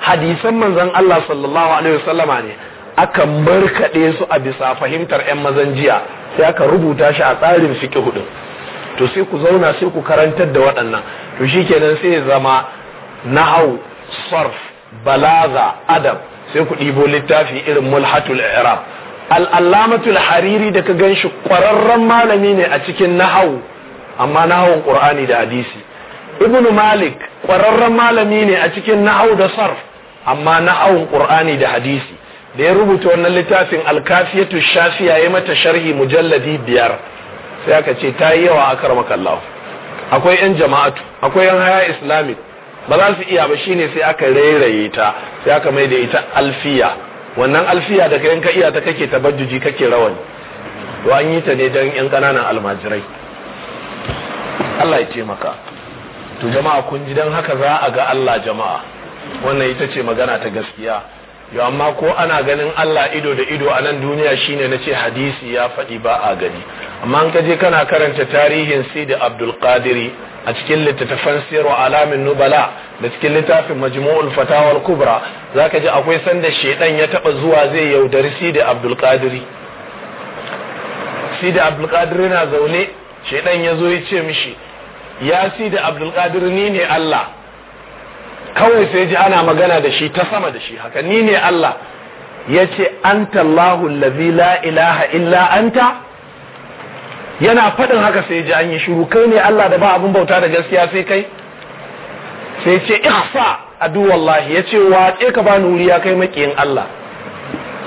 hadisan manzon Allah sallallahu alaihi wasallama ne aka markaɗe su a bisa fahimtar 'yan mazan jiya sai aka rubuta shi a tsarin fiqhu din to sai ku zauna sai ku karantar da waɗannan to shi kenan sai zama nahau sarf balaza, adab sai ku ɗibo littafi irin mulhatul iram al hariri da ka ganshi ƙwararren malami ne a cikin nahau amma nahawun ƙur'ani da hadisi ibnu malik ƙwararren malami ne a cikin nahau da sarf amma nahawun ƙur'ani da hadisi da ya rubuta wannan littafin alkafiyatu shafiya ya mata sharhi mujalladi biyar sai aka ce ta yi yawa a akar kallahu akwai yan jama'atu akwai yan haya islamic ba za su iya ba shine sai aka rairaye ta sai aka mai da ita alfiya wannan alfiya daga yan ka iya ta kake tabajjuji kake rawani to an yi ta ne don yan ƙananan almajirai Allah ya taimaka to jama'a kun ji don haka za a ga Allah jama'a wannan ita ce magana ta gaskiya yau amma ko ana ganin Allah ido da ido a nan duniya shine na ce hadisi ya faɗi ba a gani amma an kaje kana karanta tarihin sidi abdul qadiri a cikin littattafan sirru alamin nubala da cikin littafin majmu'ul fatawal kubra zaka ji akwai sanda shedan ya taba zuwa zai yaudari sidi abdul qadiri sidi abdul qadiri na zaune shedan ya zo ya ce mishi ya sidi abdul qadiri ni ne Allah kawai sai ji ana magana da shi ta sama da shi haka ni ne Allah yace anta Allahul ladhi la ilaha illa anta yana faɗin haka sai ji an yi shiru kai ne Allah da ba abin bauta da gaskiya sai kai sai ce ihsa adu wallahi ya ce wace ka ba nuriya ya kai makiyin Allah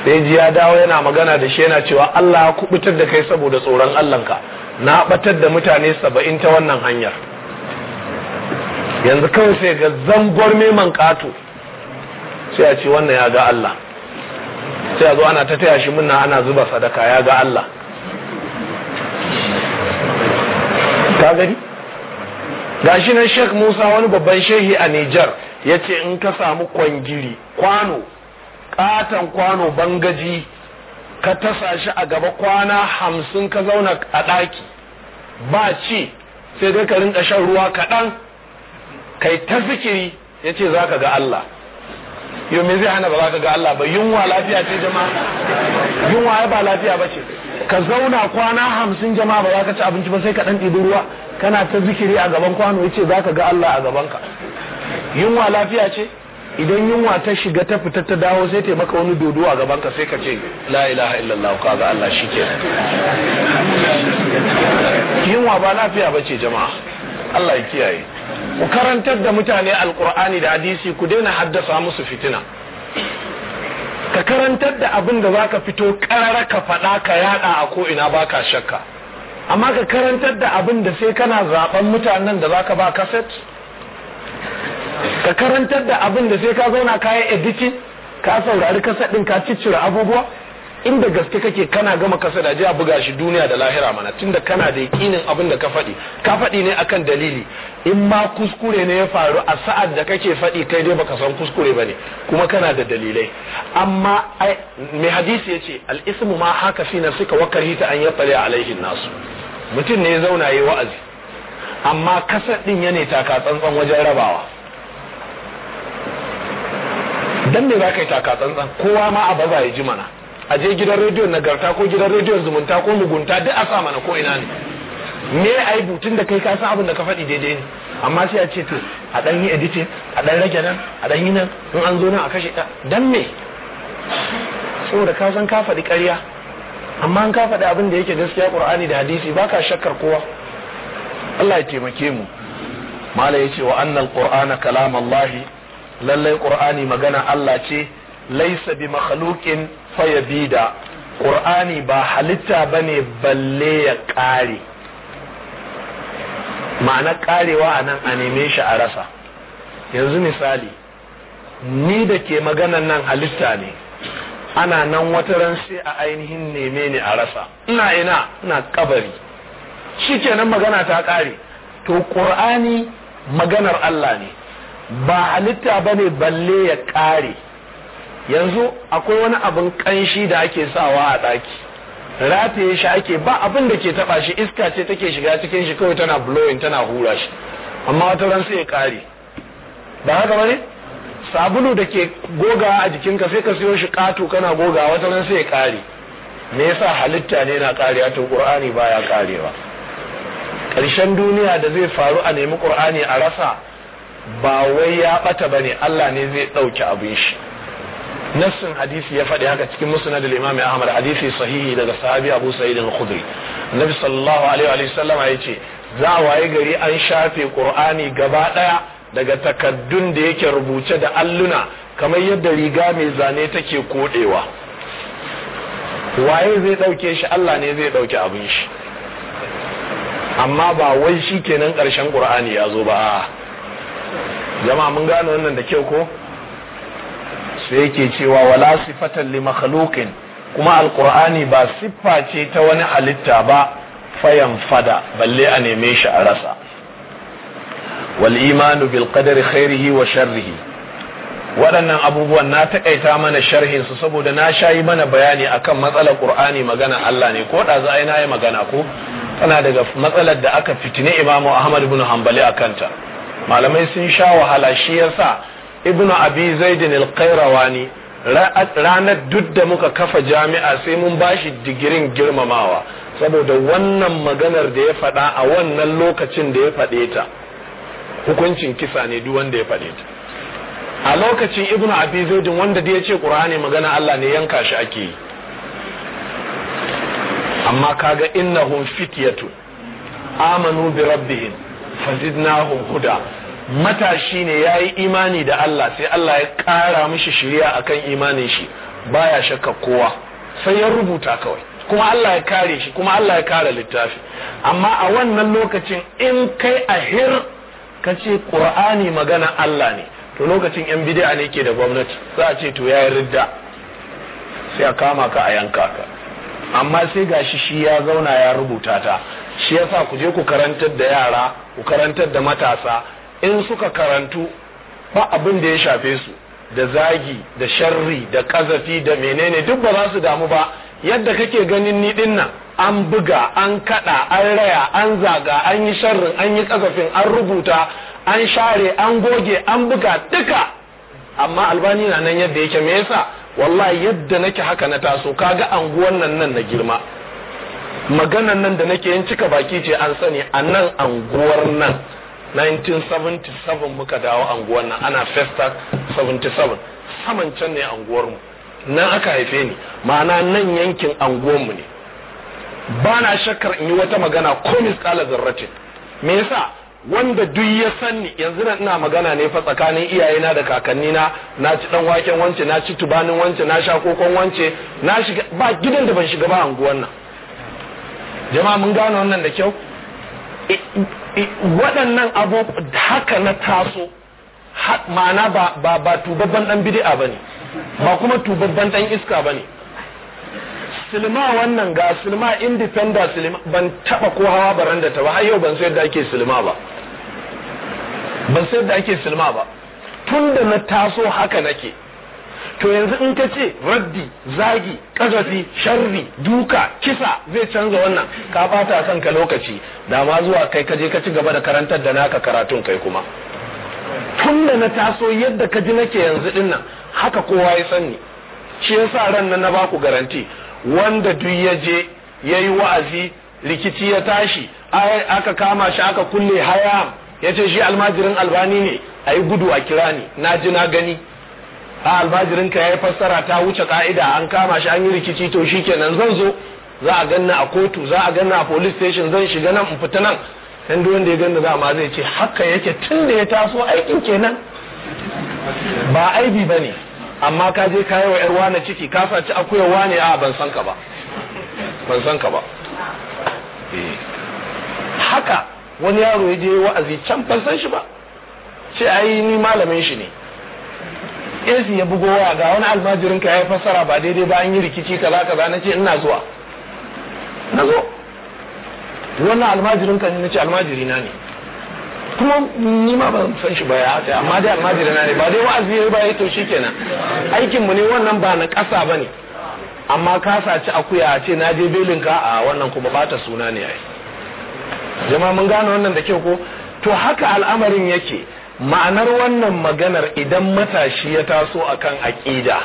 sai ji ya dawo yana magana da shi yana cewa Allah ya kubutar da kai saboda tsoron Allahnka na batar da mutane saba'in ta wannan hanyar yanzu kawai sai ga zangwar man kato. sai a ce wannan ya ga Allah sai a zo ana ta taya shi muna ana zuba sadaka ya ga Allah ka gani gashi nan Sheikh Musa wani babban shehi a Nijar yace in ka samu kwangiri kwano katon kwano bangaji ka tasa shi a gaba kwana hamsin ka zauna a ɗaki ba ce sai dai ka rinka shan ruwa kaɗan kai ta zikiri yace za ka ga Allah yau me zai hana ba za ka ga Allah ba yunwa lafiya ce jama'a yunwa ya ba lafiya ba ce ka zauna kwana hamsin jama'a ba za ka ci abinci ba sai ka ɗan ɗibi ruwa kana ta zikiri a gaban kwano ya ce za ka ga Allah a gaban ka yunwa lafiya ce idan yunwa ta shiga ta fita ta dawo sai ta maka wani dodo a gaban ka sai ka ce la ilaha illallah ka ga Allah shi ke yunwa ba lafiya ba ce jama'a Allah ya kiyaye ku karantar da mutane alkur'ani da hadisi ku daina haddasa musu fitina ka karantar da abin da zaka fito karara ka faɗa ka yada a ko ina baka shakka amma ka karantar da abin da sai kana zaben mutanen da zaka ba kaset ka karantar da abin da sai ka zauna kayi editin ka saurari kaset din ka ciccire abubuwa inda gaske kake kana gama kasa da a buga shi duniya da lahira mana tunda kana da yakinin abin da ka faɗi ka faɗi ne akan dalili in ma kuskure ne ya faru a sa'ad da kake faɗi kai dai baka san kuskure ba ne kuma kana da dalilai amma mai hadisi yace al ismu ma haka fi na wa karhita an yattali alaihi nasu mutum ne ya zauna yayi wa'azi amma kasar din yana taka tsantsan wajen rabawa dan ne zaka yi taka tsantsan kowa ma a baza ya ji mana a je gidan rediyon nagarta ko gidan rediyon zumunta ko mugunta duk a sa mana ko ina ne me aibu tun da kai ka san abin da ka faɗi daidai ne amma sai a ce to a ɗan yi editing a ɗan rage nan a ɗan yi nan in an zo nan a kashe ta dan me saboda ka san ka faɗi ƙarya amma an ka faɗi abin da yake gaskiya Al-ƙur'ani da hadisi baka shakkar kowa Allah ya taimake mu mala ce wa annal ƙurana kalam Allah lallai Al-ƙur'ani magana Allah ce laysa bi makhluqin fayabida ƙurani ba halitta bane balle ya ƙare. ma'ana karewa a nan a neme shi a rasa yanzu misali ni da ke maganan nan halitta ne ana nan wata ran sai a ainihin neme ne a rasa ina ina ina kabari shikenan magana ta kare to ƙur'ani maganar Allah ne ba halitta ba bane balle ya kare yanzu akwai wani abin kanshi da ake sawa a ɗaki rataye shi ake ba abin da ke taba shi iska ce take shiga cikin shi kawai tana blowing tana hura shi amma wata ran sai ya kare ba haka bane sabulu da ke goga a jikinka sai ka siyo shi kato kana goga wata ran sai ya kare me yasa halitta ne na a to qur'ani baya karewa karshen duniya da zai faru a nemi qur'ani a rasa ba wai ya bata bane Allah ne zai dauki abin shi nassin hadisi ya faɗi haka cikin musnad al-imam ahmad hadisi sahihi daga sahabi abu sa'id al-khudri annabi sallallahu alaihi wa sallam ya ce za a waye gari an shafe qur'ani gaba daya daga takaddun da yake rubuce da alluna kamar yadda riga mai zane take kodewa waye zai dauke shi Allah ne zai dauke abin shi amma ba wai shi kenan ƙarshen qur'ani ya zo ba jama'a mun gano wannan da kyau ko sai yake cewa wala sifatan li makhluqin kuma alqur'ani ba siffa ce ta wani halitta ba fayan fada balle a neme shi a rasa wal imanu bil qadari khairihi wa sharrihi waɗannan abubuwan na taƙaita mana sharhin su saboda na shayi mana bayani akan matsalar qur'ani magana Allah ne ko da za na yi magana ko tana daga matsalar da aka fitine imamu ahmad ibn hanbali a kanta malamai sun sha wahala shi yasa ibn abi zaidin al ranar duk da muka kafa jami'a sai mun bashi digirin girmamawa saboda wannan maganar da ya faɗa a wannan lokacin da ya faɗe ta hukuncin kisa ne duk wanda ya faɗe ta a lokacin ibn abi zaidin wanda da ya ce qur'ani magana Allah ne yanka shi ake yi amma kaga innahum fityatu amanu bi rabbihim fazidnahum huda matashi ne ya yi imani da Allah sai Allah ya kara mishi shirya akan imanin shi baya shakka kowa sai ya rubuta kawai kuma Allah ya kare shi kuma Allah ya kare littafi amma a wannan lokacin in kai a hir ka ce ƙur'ani magana Allah ne to lokacin yan bidi'a ne ke da gwamnati za a ce to ya yi ridda sai a kama ka a yanka ka amma sai gashi shi ya zauna ya rubuta ta shi yasa ku je ku karantar da yara ku karantar da matasa in suka karantu ba abin da ya shafe su da zagi da sharri da kazafi da menene duk ba za su damu ba yadda kake ganin ni din nan an buga an kada an raya an zaga an yi sharrin an yi kazafin an rubuta an share an goge an buga duka amma albani na nan yadda yake me yasa wallahi yadda nake haka na taso kaga anguwan nan nan na girma maganan nan da nake yin cika baki ce an sani a nan anguwar nan 1977 muka dawo anguwan nan ana festa 77 saman can ne anguwarmu na aka haife ni ma'ana nan yankin anguwanmu ne ba na shakkar in yi wata magana ko misƙala zarratin me yasa wanda duk ya sanni yanzu nan ina magana ne fa tsakanin iyayena da kakannina na ci dan waken wance na ci tubanin wance na sha kokon wance na shiga ba gidan da ban shiga ba anguwan nan jama'a mun gane wannan da kyau eh, waɗannan abu haka na taso ma'ana ba tubabban ɗan bidi'a ba ne ba kuma tubabban ɗan iska ba ne silma wannan ga silma indifenda silma ban taba ko hawa baranda ta ba har yau ban san yadda ake silma ba ban sai da ake silma ba tun da na taso haka nake to yanzu in ka ce raddi zagi kazafi sharri duka kisa zai canza wannan ka bata son ka lokaci da ma zuwa kai ka je ka ci gaba da karantar da naka karatun kai kuma tun da na taso yadda ka ji nake yanzu din haka kowa ya sani shi yasa ran na na ku garanti wanda duk ya je yayi wa'azi rikici ya tashi aka kama shi aka kulle haya ya ce shi almajirin albani ne a yi gudu a kira ni na ji na gani a ka ya yi fassara ta wuce ka'ida an kama shi an yi rikici to shi kenan zan zo za a ganna a kotu za a ganna a police station zan shiga nan in fita nan dan duk wanda ya ganna za ma zai ce haka yake tun da ya taso aikin kenan ba aibi ba ne amma ka je ka yi wa 'yar wana ciki ka saci akuya wane a ban san ka ba ban san ka ba eh. haka wani yaro ya je wa'azi can ban san shi ba sai ai ni malamin shi ne AC ya bugo waya ga wani almajirin ka ya fassara ba daidai ba an yi rikici kaza kaza na ce ina zuwa na zo wannan almajirin ka na ce almajiri na ne kuma ni ma ban san shi ba ya haka amma dai almajiri na ne ba dai wa'azi ya ba ya to shikenan aikin mu ne wannan ba na ƙasa ba ne amma ka saci akuya a ce na je belin ka a wannan kuma bata suna ne ai jama'a mun gane wannan da kyau ko to haka al'amarin yake ma'anar wannan maganar idan matashi ya taso a akan aƙida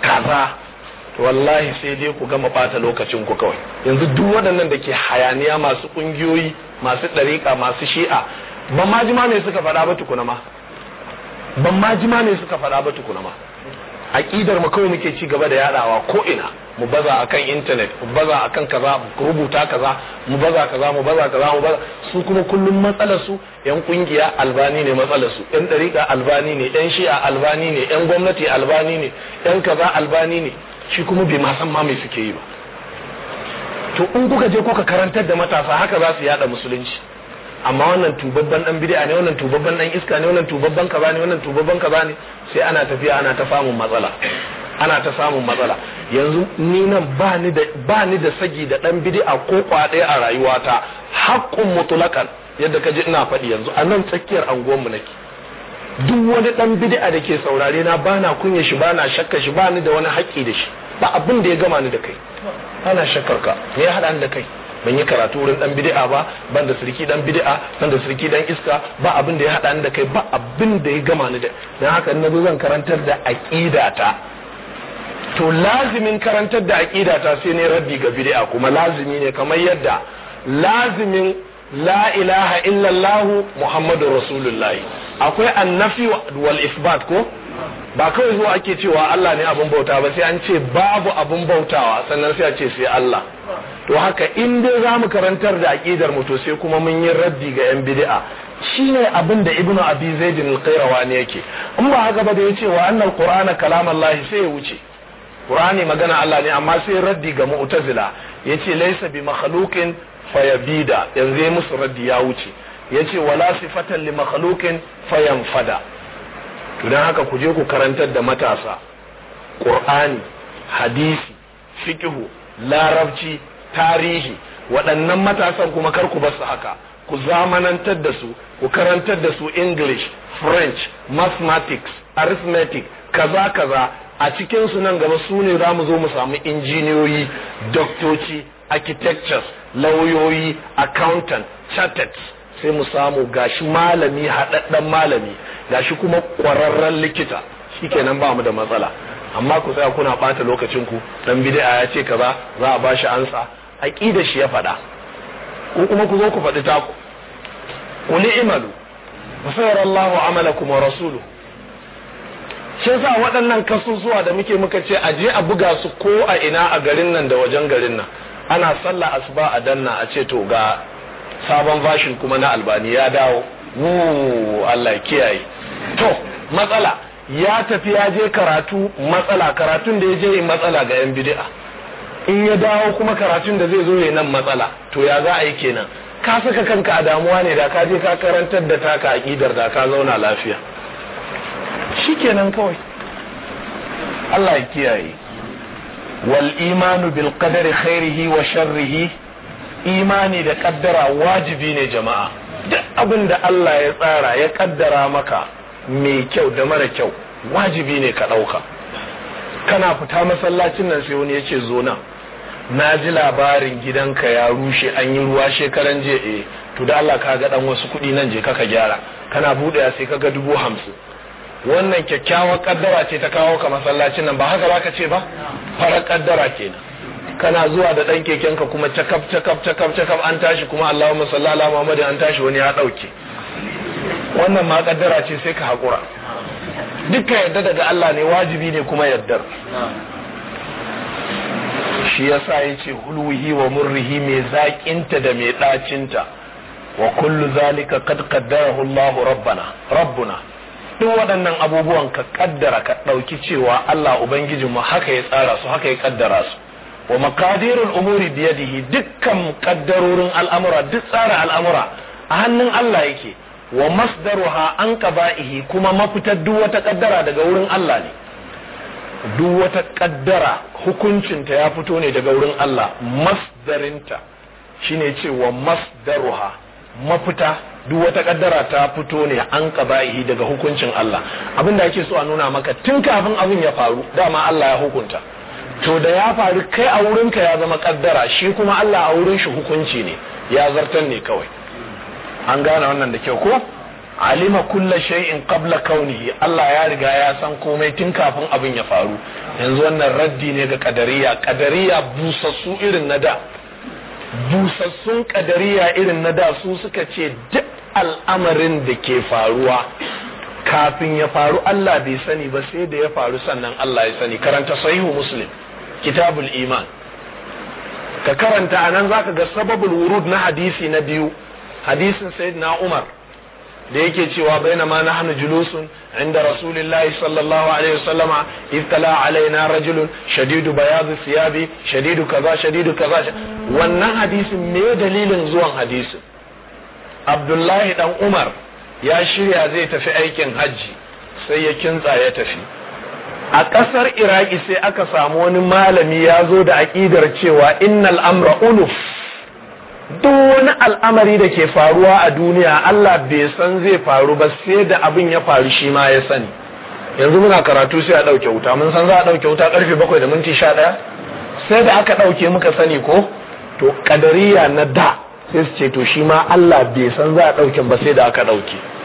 kaza wallahi sai dai ku gama ɓata lokacin ku kawai yanzu duk waɗannan da ke hayaniya masu ƙungiyoyi masu ɗariƙa masu shi'a ban ma ne suka faɗa ba tukuna ma ban ma ne suka faɗa ba tukuna ma aƙidar mu kawai muke ci gaba da yaɗawa ko ina mu baza akan intanet mu baza kan kaza mu rubuta kaza mu baza kaza mu baza kaza mu baza su kuma kullum matsalar su yan kungiya albani ne matsalar su yan dariƙa albani ne yan shi'a albani ne yan gwamnati albani ne yan kaza albani ne shi kuma bai ma san ma me suke yi ba to in kuka je kuka karantar da matasa haka za su yaɗa musulunci amma wannan tubabban dan bid'a ne wannan tubabban dan iska ne wannan tubabban ka ne wannan tubabban ka ne sai ana tafiya ana ta samun matsala ana ta samun matsala yanzu ni nan ba ni da ba ni da sagi da dan bid'a ko kwade a rayuwata haqqun mutlaqan yadda ka ji ina faɗi yanzu a nan tsakiyar anguwanmu nake duk wani dan bid'a da ke saurare na na kunya shi ba na shakka shi ba ni da wani haƙƙi da shi ba abin da ya gama ni da kai ana shakkar ka me ya haɗa da kai ban yi karatu wurin dan bid'a ba ban da sirki dan bid'a ban da sirki dan iska ba abin da ya hada ni da kai ba abin da ya gama ni da dan haka na zan karantar da aqida ta to lazimin karantar da aqida ta sai ne raddi ga bid'a kuma lazimi ne kamar yadda lazimin la ilaha illallah muhammadur rasulullah akwai annafi wal isbat ko ba kawai zuwa ake cewa Allah ne abin bauta ba sai an ce babu abin bautawa sannan sai a ce sai Allah to haka in dai za mu karantar da aƙidar mu to sai kuma mun yi raddi ga 'yan bid'a shine abin da ibnu abi zaid al ne yake in ba haka ba da yace wa annal qur'ana lahi sai ya wuce qur'ani magana Allah ne amma sai raddi ga mu'tazila yace laysa bi makhluqin fayabida yanzu ya musu raddi ya wuce yace wala sifatan li makhluqin fayanfada to don haka ku je ku karantar da matasa ƙur'ani hadisi fikihu larabci tarihi waɗannan matasan kuma kar ku basu haka ku zamanantar da su ku karantar da su english french mathematics arithmetic kaza kaza a cikin su nan gaba su ne za mu zo mu samu injiniyoyi doktoci architectures lauyoyi accountant chartered sai mu samu gashi malami haɗaɗɗen malami gashi kuma ƙwararren likita shikenan ba mu da matsala amma ku tsaya kuna ɓata lokacin ku dan bid'a ya ce kaza za a bashi ansa aqida shi ya faɗa ko kuma ku zo ku faɗi taku ku ni'malu wasayarallahu amalakum wa rasuluhu shi yasa waɗannan kasusuwa da muke muka ce a je a buga su ko a ina a garin nan da wajen garin nan ana sallah asuba a danna a ce to ga sabon vashin kuma na albani ya dawo wuuu Allah kiyaye to matsala ya tafi ya je karatu matsala karatun da ya je matsala ga yan bid'a in ya dawo kuma karatun da zai zo ya nan matsala to ya za a yi kenan ka saka kanka a damuwa ne da ka je ka karantar da taka aqidar da ka zauna lafiya shikenan kawai Allah ya kiyaye wal imanu bil qadari khairihi wa sharrihi imani da kaddara wajibi ne jama'a duk abin da Allah ya tsara ya kaddara maka mai kyau da mara kyau wajibi ne ka ɗauka kana fita masallacin nan sai wani ya ce zo nan na ji labarin gidanka ya rushe an yi ruwa shekaran je eh to da Allah ka ga dan wasu kuɗi nan je ka gyara kana buɗe sai ka ga dubu hamsin wannan kyakkyawar kaddara ce ta kawo ka masallacin nan ba haka ba ka ce ba farar kaddara kenan kana zuwa da ɗan keken ka kuma cakaf cakaf cakaf cakaf an tashi kuma Allahumma salli ala Muhammadin an tashi wani ya dauke wannan ma kaddara ce sai ka hakura dukkan yadda daga Allah ne wajibi ne kuma yaddar shi yasa yace hulwihi wa murrihi mai zakinta da mai dacinta wa kullu zalika qad qaddarahu Allah rabbana rabbuna duk waɗannan abubuwan ka kaddara ka ɗauki cewa Allah Ubangijinmu haka ya tsara su haka ya kaddara su wa makadirul umuri biyadihi dukkan kaddarorin al'amura duk tsara al'amura a hannun Allah yake wa masdaruha an qaba'ihi kuma mafitar duk wata kaddara daga wurin Allah ne duk wata kaddara hukuncinta ya fito ne daga wurin Allah masdarinta shine ce wa masdaruha mafita duk wata kaddara ta fito ne an qaba'ihi daga hukuncin Allah abinda yake so a nuna maka tun kafin abin ya faru dama Allah ya hukunta to da ya faru kai a wurinka ya zama kaddara shi kuma Allah a wurin shi hukunci ne ya zartan ne kawai an gane wannan da kyau ko alima kulla shay'in qabla kaunihi Allah ya riga ya san komai tun kafin abin ya faru yanzu wannan raddi ne ga kadariya kadariya busassu irin na da busassun kadariya irin na da su suka ce duk al'amarin da ke faruwa kafin ya faru Allah bai sani ba sai da ya faru sannan Allah ya sani karanta sahihu muslim kitabul iman ka karanta a nan zaka ga sababul wurud na hadisi na biyu hadisin sayyidina umar da yake cewa baina ma nahnu julusun inda rasulillahi sallallahu alaihi wasallama iftala alaina rajulun shadidu bayadu siyabi shadidu kaza shadidu kaza wannan hadisin me dalilin zuwan hadisin abdullahi dan umar ya shirya zai tafi aikin hajji sai ya kintsa ya tafi a ƙasar iraki sai aka samu wani malami ya zo da aƙidar cewa innal amra uluf duk wani al'amari da ke faruwa a duniya Allah bai san zai faru ba sai da abin ya faru shi ma ya sani yanzu muna karatu sai a ɗauke wuta mun san za a ɗauke wuta ƙarfe bakwai da minti sha ɗaya sai da aka ɗauke muka sani ko to ƙadariya na da sai su ce to shi ma Allah bai san za a ɗauke ba sai da aka ɗauke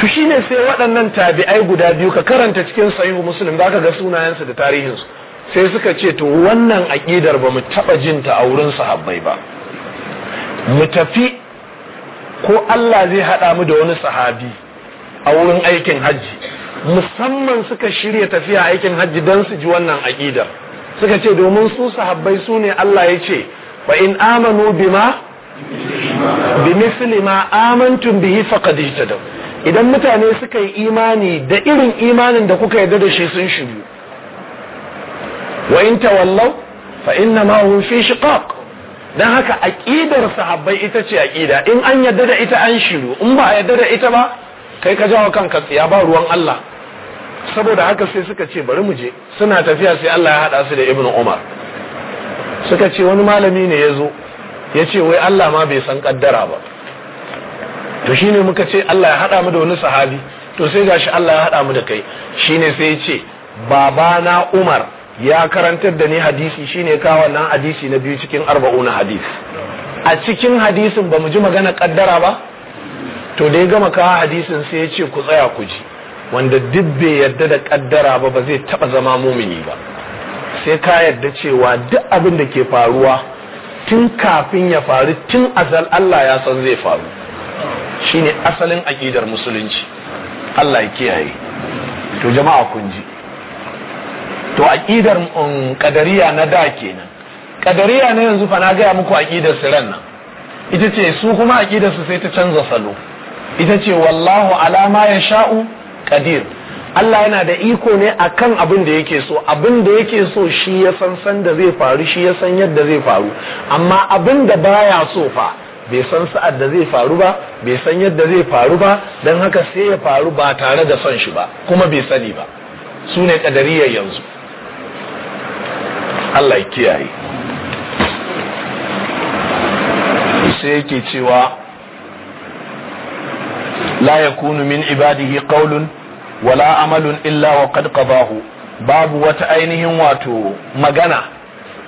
to ne sai waɗannan tabi'ai guda biyu ka karanta cikin sahihu muslim ka ga sunayensu da tarihinsu sai suka ce to wannan aƙidar ba mu taɓa jin ta a wurin sahabbai ba mu tafi ko Allah zai haɗa mu da wani sahabi a wurin aikin hajji musamman suka shirya tafiya aikin hajji don su ji wannan aƙidar suka ce domin su sahabbai su ne Allah ya ce wa in amanu bima bi mislima amantum bihi faqad ihtadaw idan mutane suka yi imani da irin imanin da kuka yarda da shi sun shiru wa in tawallaw fa inna ma hum fi shiqaq don haka aƙidar sahabbai ita ce aƙida in an yarda da ita an shiru in ba a yarda da ita ba kai ka jawo kanka tsiya ba ruwan Allah saboda haka sai suka ce bari mu je suna tafiya sai Allah ya haɗa su da Ibn Umar suka ce wani malami ne ya zo ya ce wai Allah ma bai san ƙaddara ba to shine muka ce Allah ya haɗa mu da wani sahabi to sai gashi Allah ya haɗa mu da kai Shi ne sai ya ce babana Umar ya karantar da ni hadisi shine kawo nan hadisi na biyu cikin arba'una hadis a cikin hadisin ba mu ji magana kaddara ba to da ya gama kawo hadisin sai ya ce ku tsaya ku ji wanda duk bai yarda da kaddara ba ba zai taba zama mumini ba sai ka yarda cewa duk abin da ke faruwa tun kafin ya faru tun azal Allah ya san zai faru shine asalin aƙidar musulunci Allah ya kiyaye to jama'a kun ji to aƙidar ƙadariya um, na da kenan ƙadariya na yanzu fa na gaya muku aƙidar siran nan ita ce su kuma aƙidar su sai ta canza salo ita ce wallahu alama ya sha'u qadir Allah yana da iko ne akan abin da yake so abin da yake so shi ya san san da zai faru shi ya san yadda zai faru amma abin da baya so fa bai san sa'ad da zai faru ba bai san yadda zai faru ba don haka sai ya faru ba tare da son shi ba kuma bai sani ba su ne kadariyar yanzu Allah ya kiyaye sai yake cewa la kunu min ibadihi qawlun wala amalun illa wa qad qadahu babu wata ainihin wato magana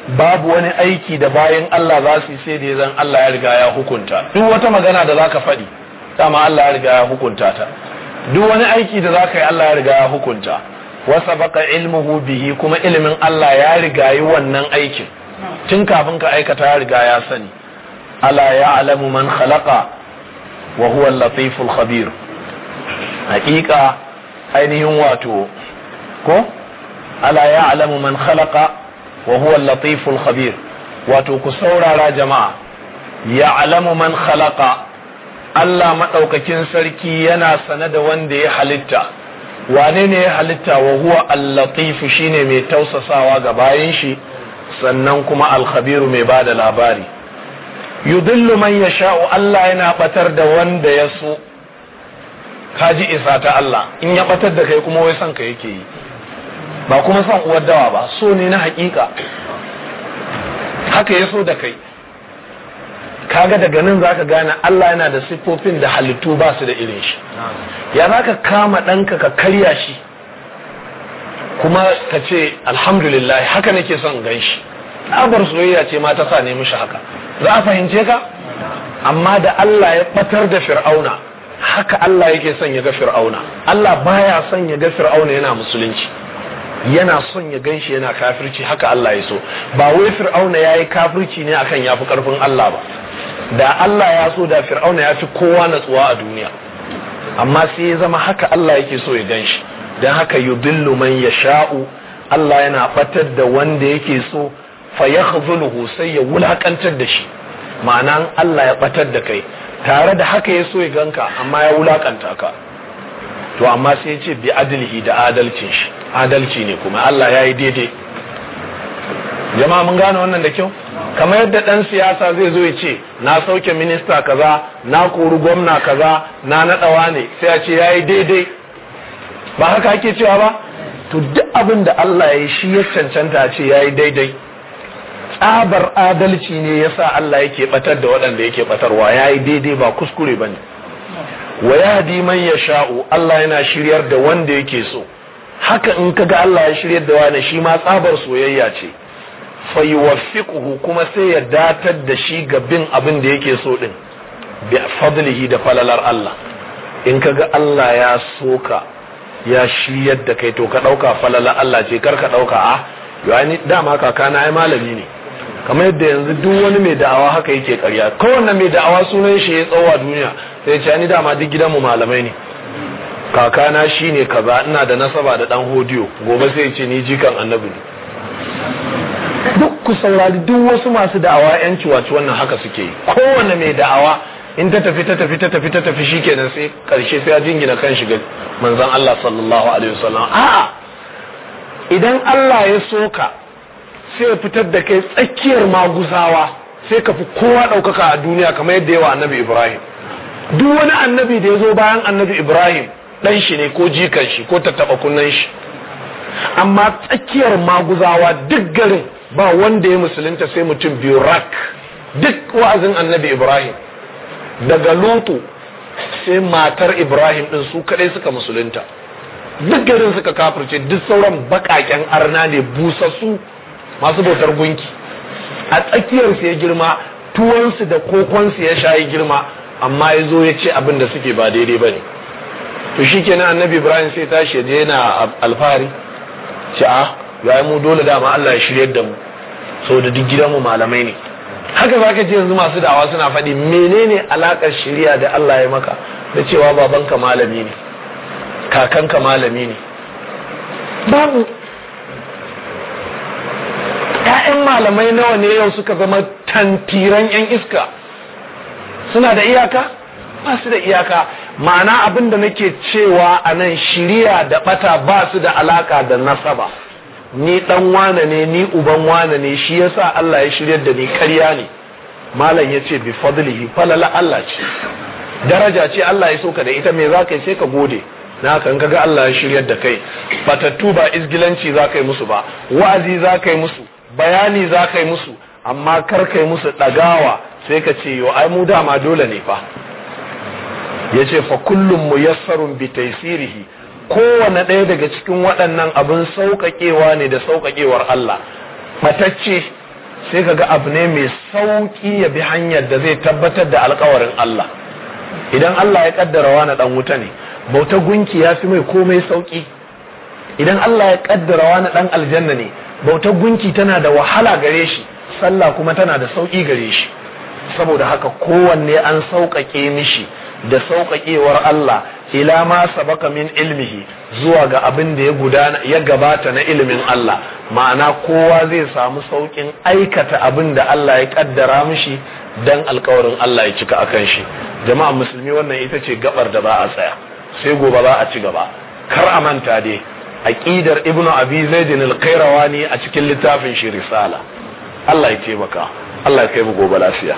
babu wani aiki da bayan Allah za su yi sai da zan Allah ya riga ya hukunta duk wata magana da zaka faɗi dama Allah ya riga ya hukunta ta duk wani aiki da zaka yi Allah ya riga ya hukunta wa sabaqa ilmuhu bihi kuma ilimin Allah ya riga yi wannan aikin tun kafin ka aikata ya riga ya sani ala ya alamu man khalaqa wa huwa al-latiful khabir haƙiƙa ainihin wato ko ala ya alamu man khalaqa wa huwa latiful khabir wato ku saurara jama'a ya'lamu man khalaqa Allah maɗaukakin sarki yana sane da wanda ya halitta wane ne ya halitta wa huwa al-latif shine mai tausasawa ga bayan shi sannan kuma al mai ba da labari yudillu man yasha'u Allah yana batar da wanda ya so kaji isa ta Allah in ya batar da kai kuma wai son ka yake yi ba kuma son uwar dawa ba so ne na hakika haka ya so da kai kaga daga nan za ka gane Allah yana da siffofin da halittu ba su da irin shi ya za ka kama ɗanka ka karya shi kuma ka ce alhamdulillah haka nake son gan shi abar soyayya ce ma ta sa ne mishi haka za a fahimce ka amma da Allah ya batar da fir'auna haka Allah yake son ya ga fir'auna Allah baya son ya ga fir'auna yana musulunci yana son ya ganshi yana kafirci haka Allah ya so ba wai fir'auna ya yi kafirci ne akan ya fi karfin Allah ba da Allah ya so da fir'auna ya fi kowa natsuwa a duniya amma sai ya zama haka Allah yake so ya ganshi dan haka yudillu man sha'u, Allah yana batar da wanda yake so fa yakhzuluhu sai ya wulakantar da shi ma'anan Allah ya batar da kai tare da haka ya so ya ganka amma ya wulakanta ka to amma sai ce bi adlihi da adalcin shi adalci ne kuma Allah ya yi daidai jama'a mun gane wannan da kyau kamar yadda dan siyasa zai zo ya ce na sauke minista kaza na kori gwamna kaza na nadawa ne sai ya ce ya yi daidai ba haka ake cewa ba to duk abin da Allah ya yi shi ya cancanta a ce ya yi daidai tsabar adalci ne ya sa Allah yake batar da waɗanda yake batarwa yi daidai ba kuskure ba ne. wa yahdi man yasha'u Allah yana shiryar da wanda yake so haka in ka ga Allah ya shiryar da wani shi ma tsabar soyayya ce fayuwaffiquhu kuma sai ya datar da shi ga bin abin da yake so din bi fadlihi da falalar Allah in ka ga Allah ya ka ya shiryar da kai to ka dauka falalar Allah ce kar ka dauka a ah, yani dama kaka na ai malami ne kamar yadda yanzu duk wani mai da'awa haka yake karya kowanne mai da'awa sunan shi ya tsawa duniya sai ce ni dama duk gidanmu malamai ne kakana shi ne kaza ina da nasaba da dan hodiyo gobe sai ce ni jikan annabi ne duk ku saurari duk wasu masu da'awa yanci ciwaci wannan haka suke yi kowanne mai da'awa in ta tafi ta tafi ta tafi ta tafi shikenan sai karshe sai ya jingina kan shiga ga manzon Allah sallallahu alaihi wasallam a'a idan Allah ya soka sai ya fitar da kai tsakiyar maguzawa sai ka fi kowa ɗaukaka a duniya kamar yadda yawa annabi ibrahim duk wani annabi da ya zo bayan annabi ibrahim ɗan shi ne ko jikan shi ko tattaɓa kunnan shi amma tsakiyar maguzawa duk garin ba wanda ya musulunta sai mutum biyu rak duk wa'azin annabi ibrahim daga lutu sai matar ibrahim ɗin su kaɗai suka musulunta duk garin suka kafirce duk sauran baƙaƙen arna ne busassu masu bautar gunki a tsakiyarsu ya girma tuwansu da kokonsu ya shayi girma amma ya zo ya ce abin da suke ba daidai ba ne to shi kenan annabi ibrahim sai tashi je yana alfahari ce a ah, ya mu dole dama allah ya shirya da mu da duk gidanmu malamai ne haka za ka ji yanzu masu da'awa suna faɗi menene alaƙar shirya da allah ya maka da cewa babanka malami ne kakanka malami ne babu ‘ya'yan malamai nawa ne yau suka zama tantiran ‘yan iska suna da iyaka ba su da iyaka ma'ana abin da nake cewa a nan shiriya da bata ba su da alaka da nasaba ni dan wane ne ni uban wane ne shi yasa Allah ya shiryar da ni karya ne malam ya ce bi fadlihi falala Allah ce daraja ce Allah ya soka da ita me za ka sai ka gode na kan kaga Allah ya shiryar da kai batattu ba izgilanci za ka yi musu ba wa'azi za ka yi musu bayani za ka yi musu amma kar ka yi musu ɗagawa sai ka ce yo ai mu dama dole ne fa ya ce fa kullum mu yassarun bi taisirihi kowane ɗaya daga cikin waɗannan abin sauƙaƙewa ne da sauƙaƙewar Allah matacce sai ka ga abu ne mai sauƙi ya bi hanyar da zai tabbatar da alƙawarin Allah idan Allah ya ƙaddara wani ɗan wuta ne bauta gunki ya fi mai komai sauƙi idan Allah ya kaddara wani dan aljanna ne bautar gunki tana da wahala gare shi sallah kuma tana da sauki gare shi saboda haka kowanne an sauƙaƙe mishi da sauƙaƙewar Allah ila ma sabaka min ilmihi zuwa ga abin da ya gudana ya gabata na ilimin Allah ma'ana kowa zai samu sauƙin aikata abin da Allah ya kaddara mishi dan alkawarin Allah ya cika akan shi jama'a musulmi wannan ita ce gabar da ba a tsaya sai gobe ba a ci gaba kar a manta dai aqidar ibnu abi zaidin al-qayrawani a cikin littafin shi risala Allah ya taimaka Allah ya kai mu gobe lafiya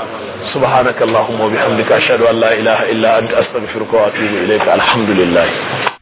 subhanakallahumma wa bihamdika ashhadu an la ilaha illa anta astaghfiruka wa atubu ilaika alhamdulillah